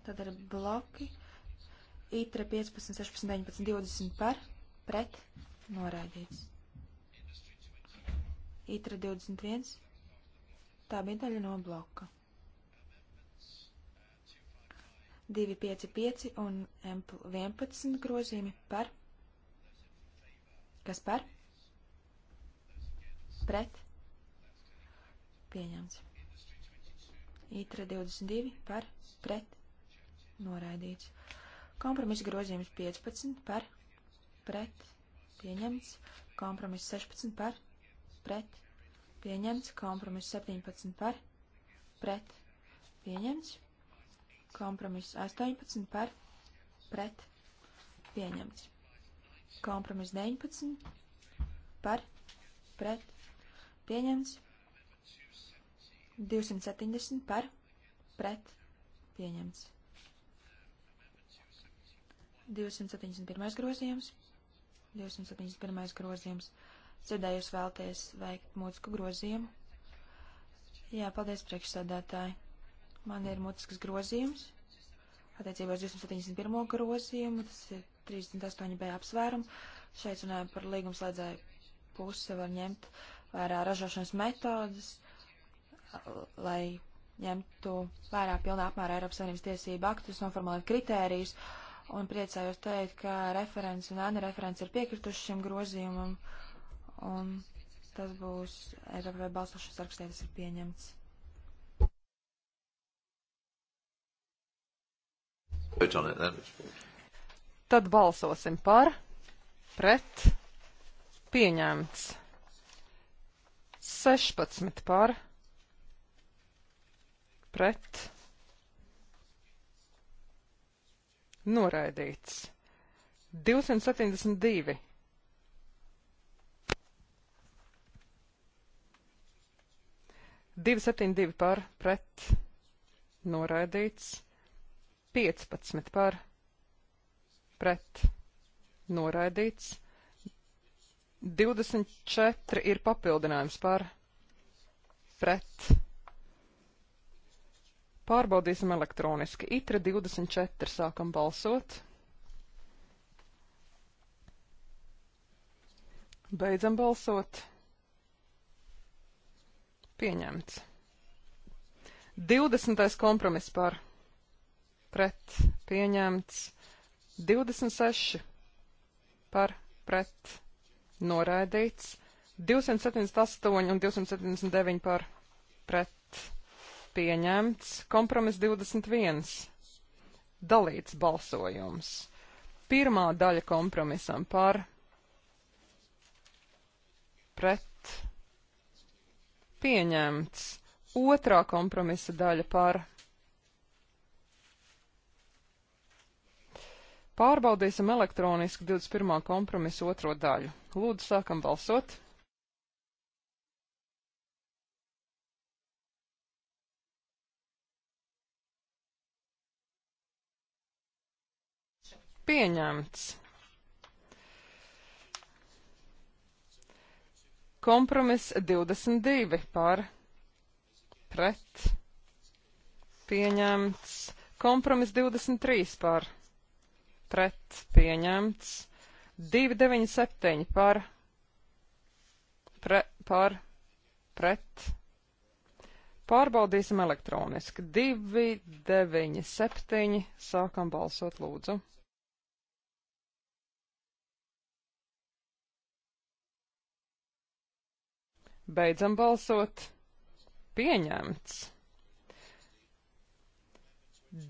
Tad ir bloki. Itre 15, 16, 19, 20 par, pret, noraidīts. Itre 21. Tā bija daļa no bloka. 2, 5, 5 un 11 grozījumi par. Kas par? Pret. Pieņemts. Itra 22 par pret noraidīts. Kompromisa grozījums 15 par pret pieņemts. Kompromiss 16 par pret pieņemts. Kompromiss 17 par pret pieņemts. Kompromiss 18 par pret pieņemts. Kompromiss 19 par pret pieņemts. 270 par pret pieņemts. 271. grozījums. 271. grozījums. Cirdēju, jūs vēlties veikt mūtisku grozījumu. Jā, paldies priekšsēdētāji. Man ir mūtisks grozījums. Attiecībā uz 271. grozījumu, tas ir 38b apsvērumu. Šeit runājam par līgumslēdzēju puse var ņemt vērā ražošanas metodas lai ņemtu vērā pilnā apmērā Eiropas Savienības tiesību aktus, noformulēt kritērijus, un priecājos teikt, ka referents un Anna referents ir piekrituši šim grozījumam, un tas būs Eiropai balsošanas arkstē, tas ir pieņemts. Tad balsosim par, pret, pieņemts. 16 par pret noraidīts. 272 272 par pret noraidīts, 15 par pret noraidīts, 24 ir papildinājums par pret noraidīts Pārbaudīsim elektroniski. Itra 24 sākam balsot. Beidzam balsot. Pieņemts. 20. kompromiss par pret pieņemts. 26 par pret noraidīts. 278 un 279 par pret pieņemts. Kompromiss 21. Dalīts balsojums. Pirmā daļa kompromisam par pret pieņemts. Otrā kompromisa daļa par Pārbaudīsim elektroniski 21. kompromisu otro daļu. Lūdzu, sākam balsot! pieņemts. Kompromiss 22 par pret pieņemts. Kompromiss 23 par pret pieņemts. 297 par pre, par pret. Pārbaudīsim elektroniski. 297 sākam balsot lūdzu. Beidzam balsot. Pieņemts.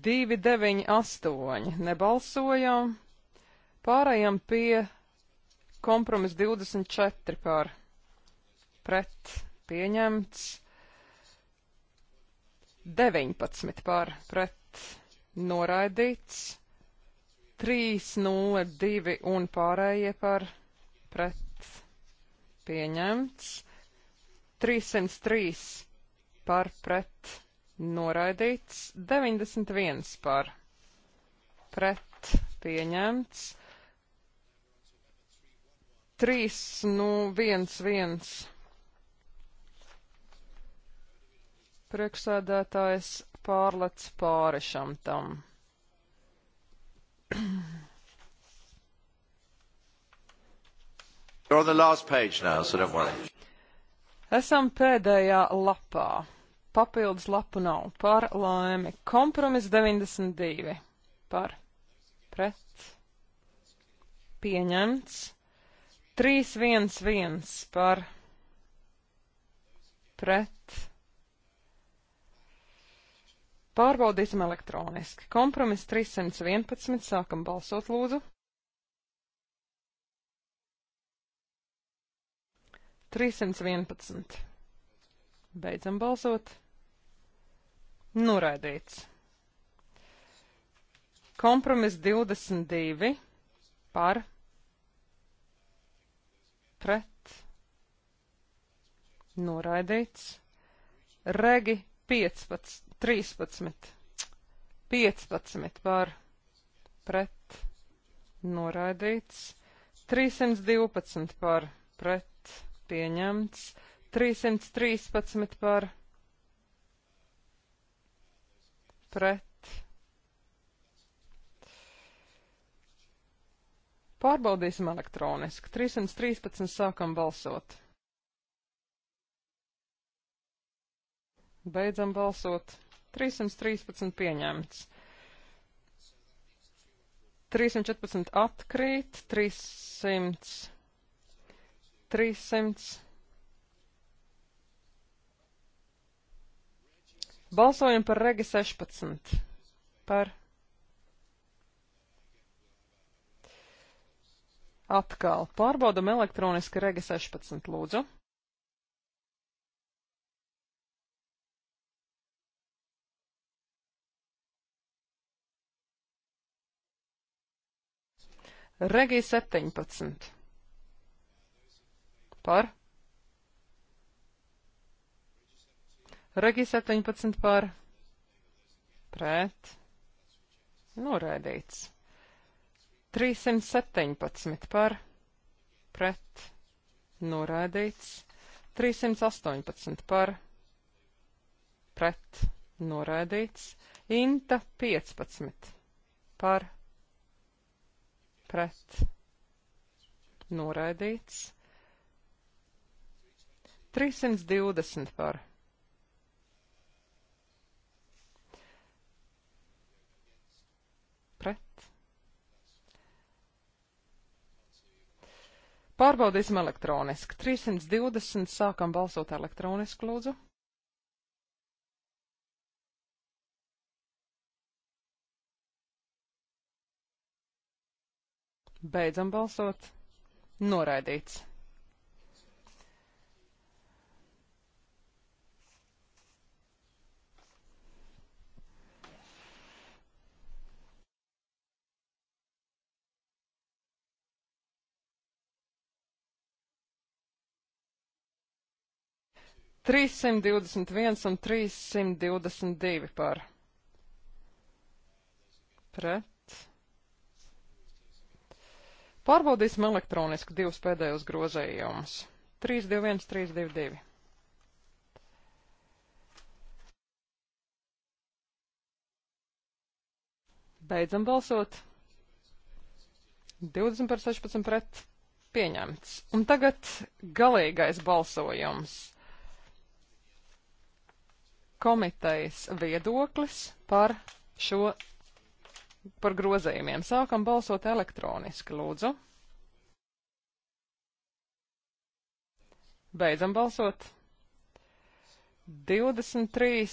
298 nebalsojam. Pārējām pie kompromis 24 par pret pieņemts. 19 par pret noraidīts. 302 un pārējie par pret pieņemts. 303 par pret noraidīts, 91 par pret pieņemts, 3 nu 1 1. Priekšsēdētājs pārlec pāri šam tam. You're on the last page now, so don't worry. Esam pēdējā lapā. Papildus lapu nav. Par laimi. Kompromis 92. Par. Pret. Pieņemts. 311 par. Pret. Pārbaudīsim elektroniski. Kompromis 311. Sākam balsot, lūdzu. 311. Beidzam balsot. Noraidīts. Kompromis 22 par pret noraidīts. Regi 15, 13, 15 par pret noraidīts. 312 par pret pieņemts. 313 par pret. Pārbaudīsim elektroniski. 313 sākam balsot. Beidzam balsot. 313 pieņemts. 314 atkrīt, 300. 300. Balsojam par regi 16. Par. Atkal pārbaudam elektroniski regi 16, lūdzu. Regi 17 par. Regi 17 par. Pret. Noraidīts. Nu, 317 par. Pret. Noraidīts. Nu, 318 par. Pret. Noraidīts. Nu, Inta 15 par. Pret. Noraidīts. 320 par. Pret. Pārbaudīsim elektroniski. 320 sākam balsot elektroniski, lūdzu. Beidzam balsot. Noraidīts. 321 un 322 par pret. Pārbaudīsim elektroniski divus pēdējos grozējumus. 321, 322. Beidzam balsot. 20 par 16 pret pieņemts. Un tagad galīgais balsojums komitejas viedoklis par šo, par grozījumiem. Sākam balsot elektroniski, lūdzu. Beidzam balsot. 23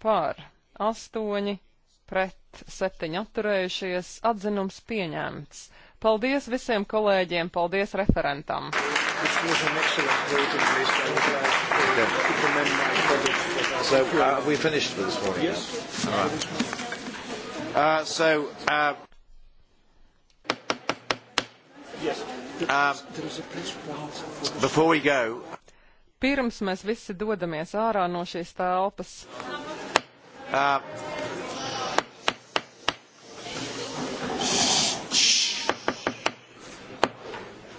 par, 8 pret, 7 atturējušies, atzinums pieņemts. Paldies visiem kolēģiem, paldies referentam. This was an excellent voting list. I would like to commend my colleagues. So uh, have we finished for this morning? Yes. All right. Uh, so. Uh, yes. Um, before we go. Pirms mēs visi dodamies ārā no šīs telpas. Uh,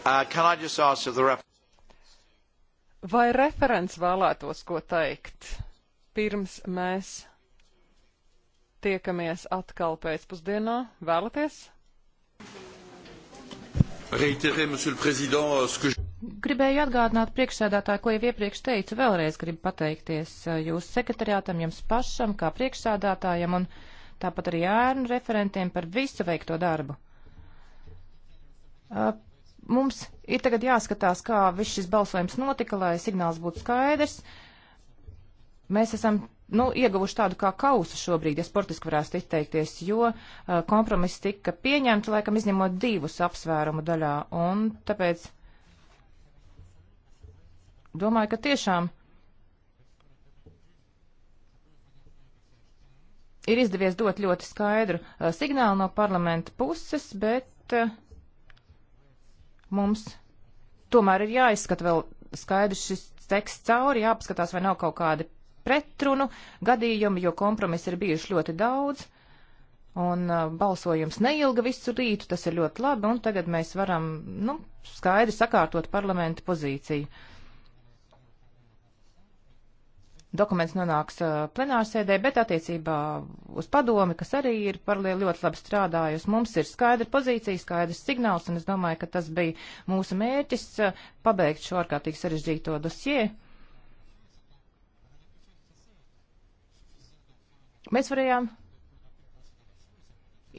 Uh, the... Vai referents vēlētos ko teikt? pirms mēs tiekamies atkal pēcpusdienā. Vēlaties? Euh, Gribēju atgādināt priekšsēdētāju, ko jau iepriekš teicu, vēlreiz gribu pateikties uh, jūsu sekretariātam, jums pašam, kā priekšsēdētājam un tāpat arī ērnu referentiem par visu veikto darbu. Uh, mums ir tagad jāskatās, kā viss šis balsojums notika, lai signāls būtu skaidrs. Uh, mēs esam nu, ieguvuši tādu kā kausu šobrīd, ja sportiski varētu izteikties, jo uh, kompromiss tika pieņemts, laikam, izņemot divus apsvērumu daļā. Un tāpēc domāju, ka tiešām ir izdevies dot ļoti skaidru uh, signālu no parlamenta puses, bet uh, mums tomēr ir jāizskata vēl skaidrs šis teksts cauri, jāapskatās, vai nav kaut kādi pretrunu gadījumu, jo kompromisi ir bijuši ļoti daudz. Un uh, balsojums neilga visu rītu, tas ir ļoti labi, un tagad mēs varam, nu, skaidri sakārtot parlamentu pozīciju. Dokuments nonāks uh, plenārsēdē, bet attiecībā uz padomi, kas arī ir paralēli ļoti labi strādājusi, mums ir skaidra pozīcija, skaidrs signāls, un es domāju, ka tas bija mūsu mērķis uh, pabeigt šo ārkārtīgi sarežģīto dosieru. Mēs varējām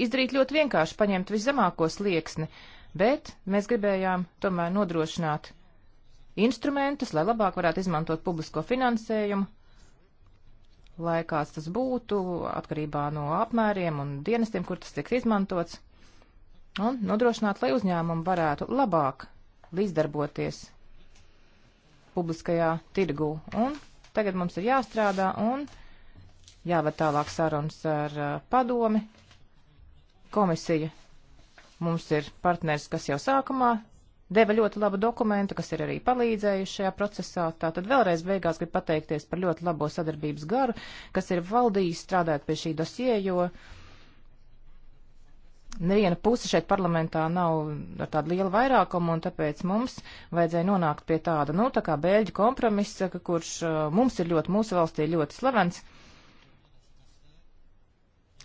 izdarīt ļoti vienkārši, paņemt viszemāko slieksni, bet mēs gribējām tomēr nodrošināt instrumentus, lai labāk varētu izmantot publisko finansējumu, lai kāds tas būtu, atkarībā no apmēriem un dienestiem, kur tas tiks izmantots, un nodrošināt, lai uzņēmumi varētu labāk līdzdarboties publiskajā tirgū. Un tagad mums ir jāstrādā un jāstrādā jāved tālāk sarunas ar uh, padomi. Komisija mums ir partners, kas jau sākumā deva ļoti labu dokumentu, kas ir arī palīdzējuši šajā procesā. Tātad vēlreiz beigās gribu pateikties par ļoti labo sadarbības garu, kas ir valdījis strādājot pie šī dosie, jo neviena puse šeit parlamentā nav ar tādu lielu vairākumu, un tāpēc mums vajadzēja nonākt pie tāda, nu, tā kā bēļģu kompromisa, kurš uh, mums ir ļoti, mūsu valstī ļoti slavens. Uh,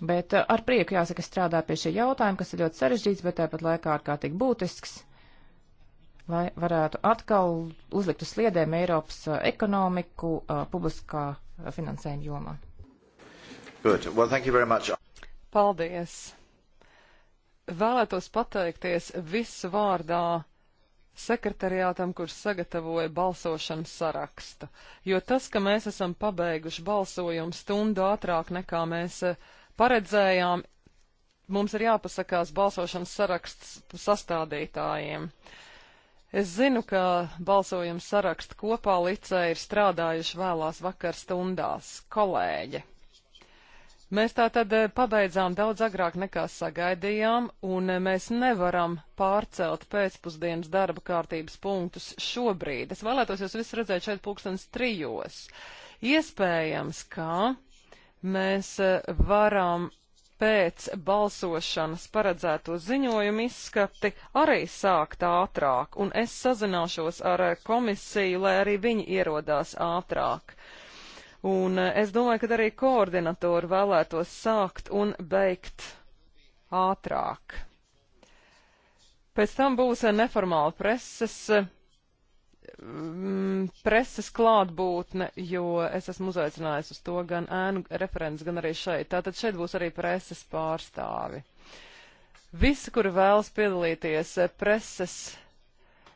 Bet eh, ar prieku jāsaka strādā pie šī jautājuma, kas ir ļoti sarežģīts, bet tāpat laikā ārkārtīgi būtisks, lai varētu atkal uzlikt uz sliedēm Eiropas eh, ekonomiku eh, publiskā finansējuma jomā. Good. Well, thank you very much. Paldies! Vēlētos pateikties visu vārdā sekretariātam, kurš sagatavoja balsošanas sarakstu, jo tas, ka mēs esam pabeiguši balsojumu stundu ātrāk nekā mēs uh, paredzējām, mums ir jāpasakās balsošanas saraksts sastādītājiem. Es zinu, ka balsojuma sarakstu kopā licē ir strādājuši vēlās vakar stundās kolēģi. Mēs tā tad eh, pabeidzām daudz agrāk nekā sagaidījām, un eh, mēs nevaram pārcelt pēcpusdienas darba kārtības punktus šobrīd. Es vēlētos jūs visus redzēt šeit pulkstens trijos. Iespējams, ka mēs e, varam pēc balsošanas paredzēto ziņojumu izskati arī sākt ātrāk, un es sazināšos ar e, komisiju, lai arī viņi ierodās ātrāk. Un e, es domāju, ka arī koordinatori vēlētos sākt un beigt ātrāk. Pēc tam būs neformāla preses mm, preses klātbūtne, jo es esmu uzaicinājusi uz to gan ēnu referents, gan arī šeit. Tātad šeit būs arī preses pārstāvi. Visi, kuri vēlas piedalīties eh, preses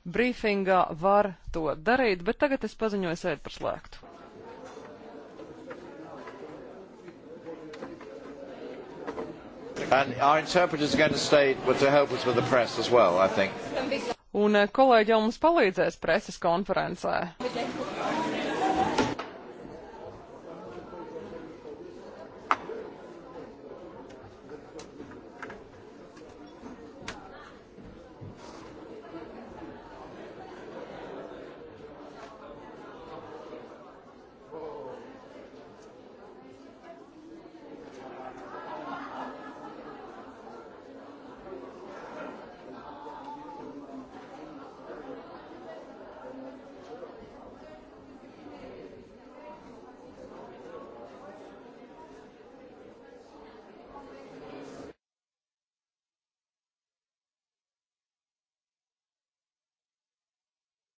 brīfingā, var to darīt, bet tagad es paziņoju sēdi par slēgtu. And our interpreters are going to stay to help us with the press as well, I think. Un eh, kolēģi jau mums palīdzēs preses konferencē.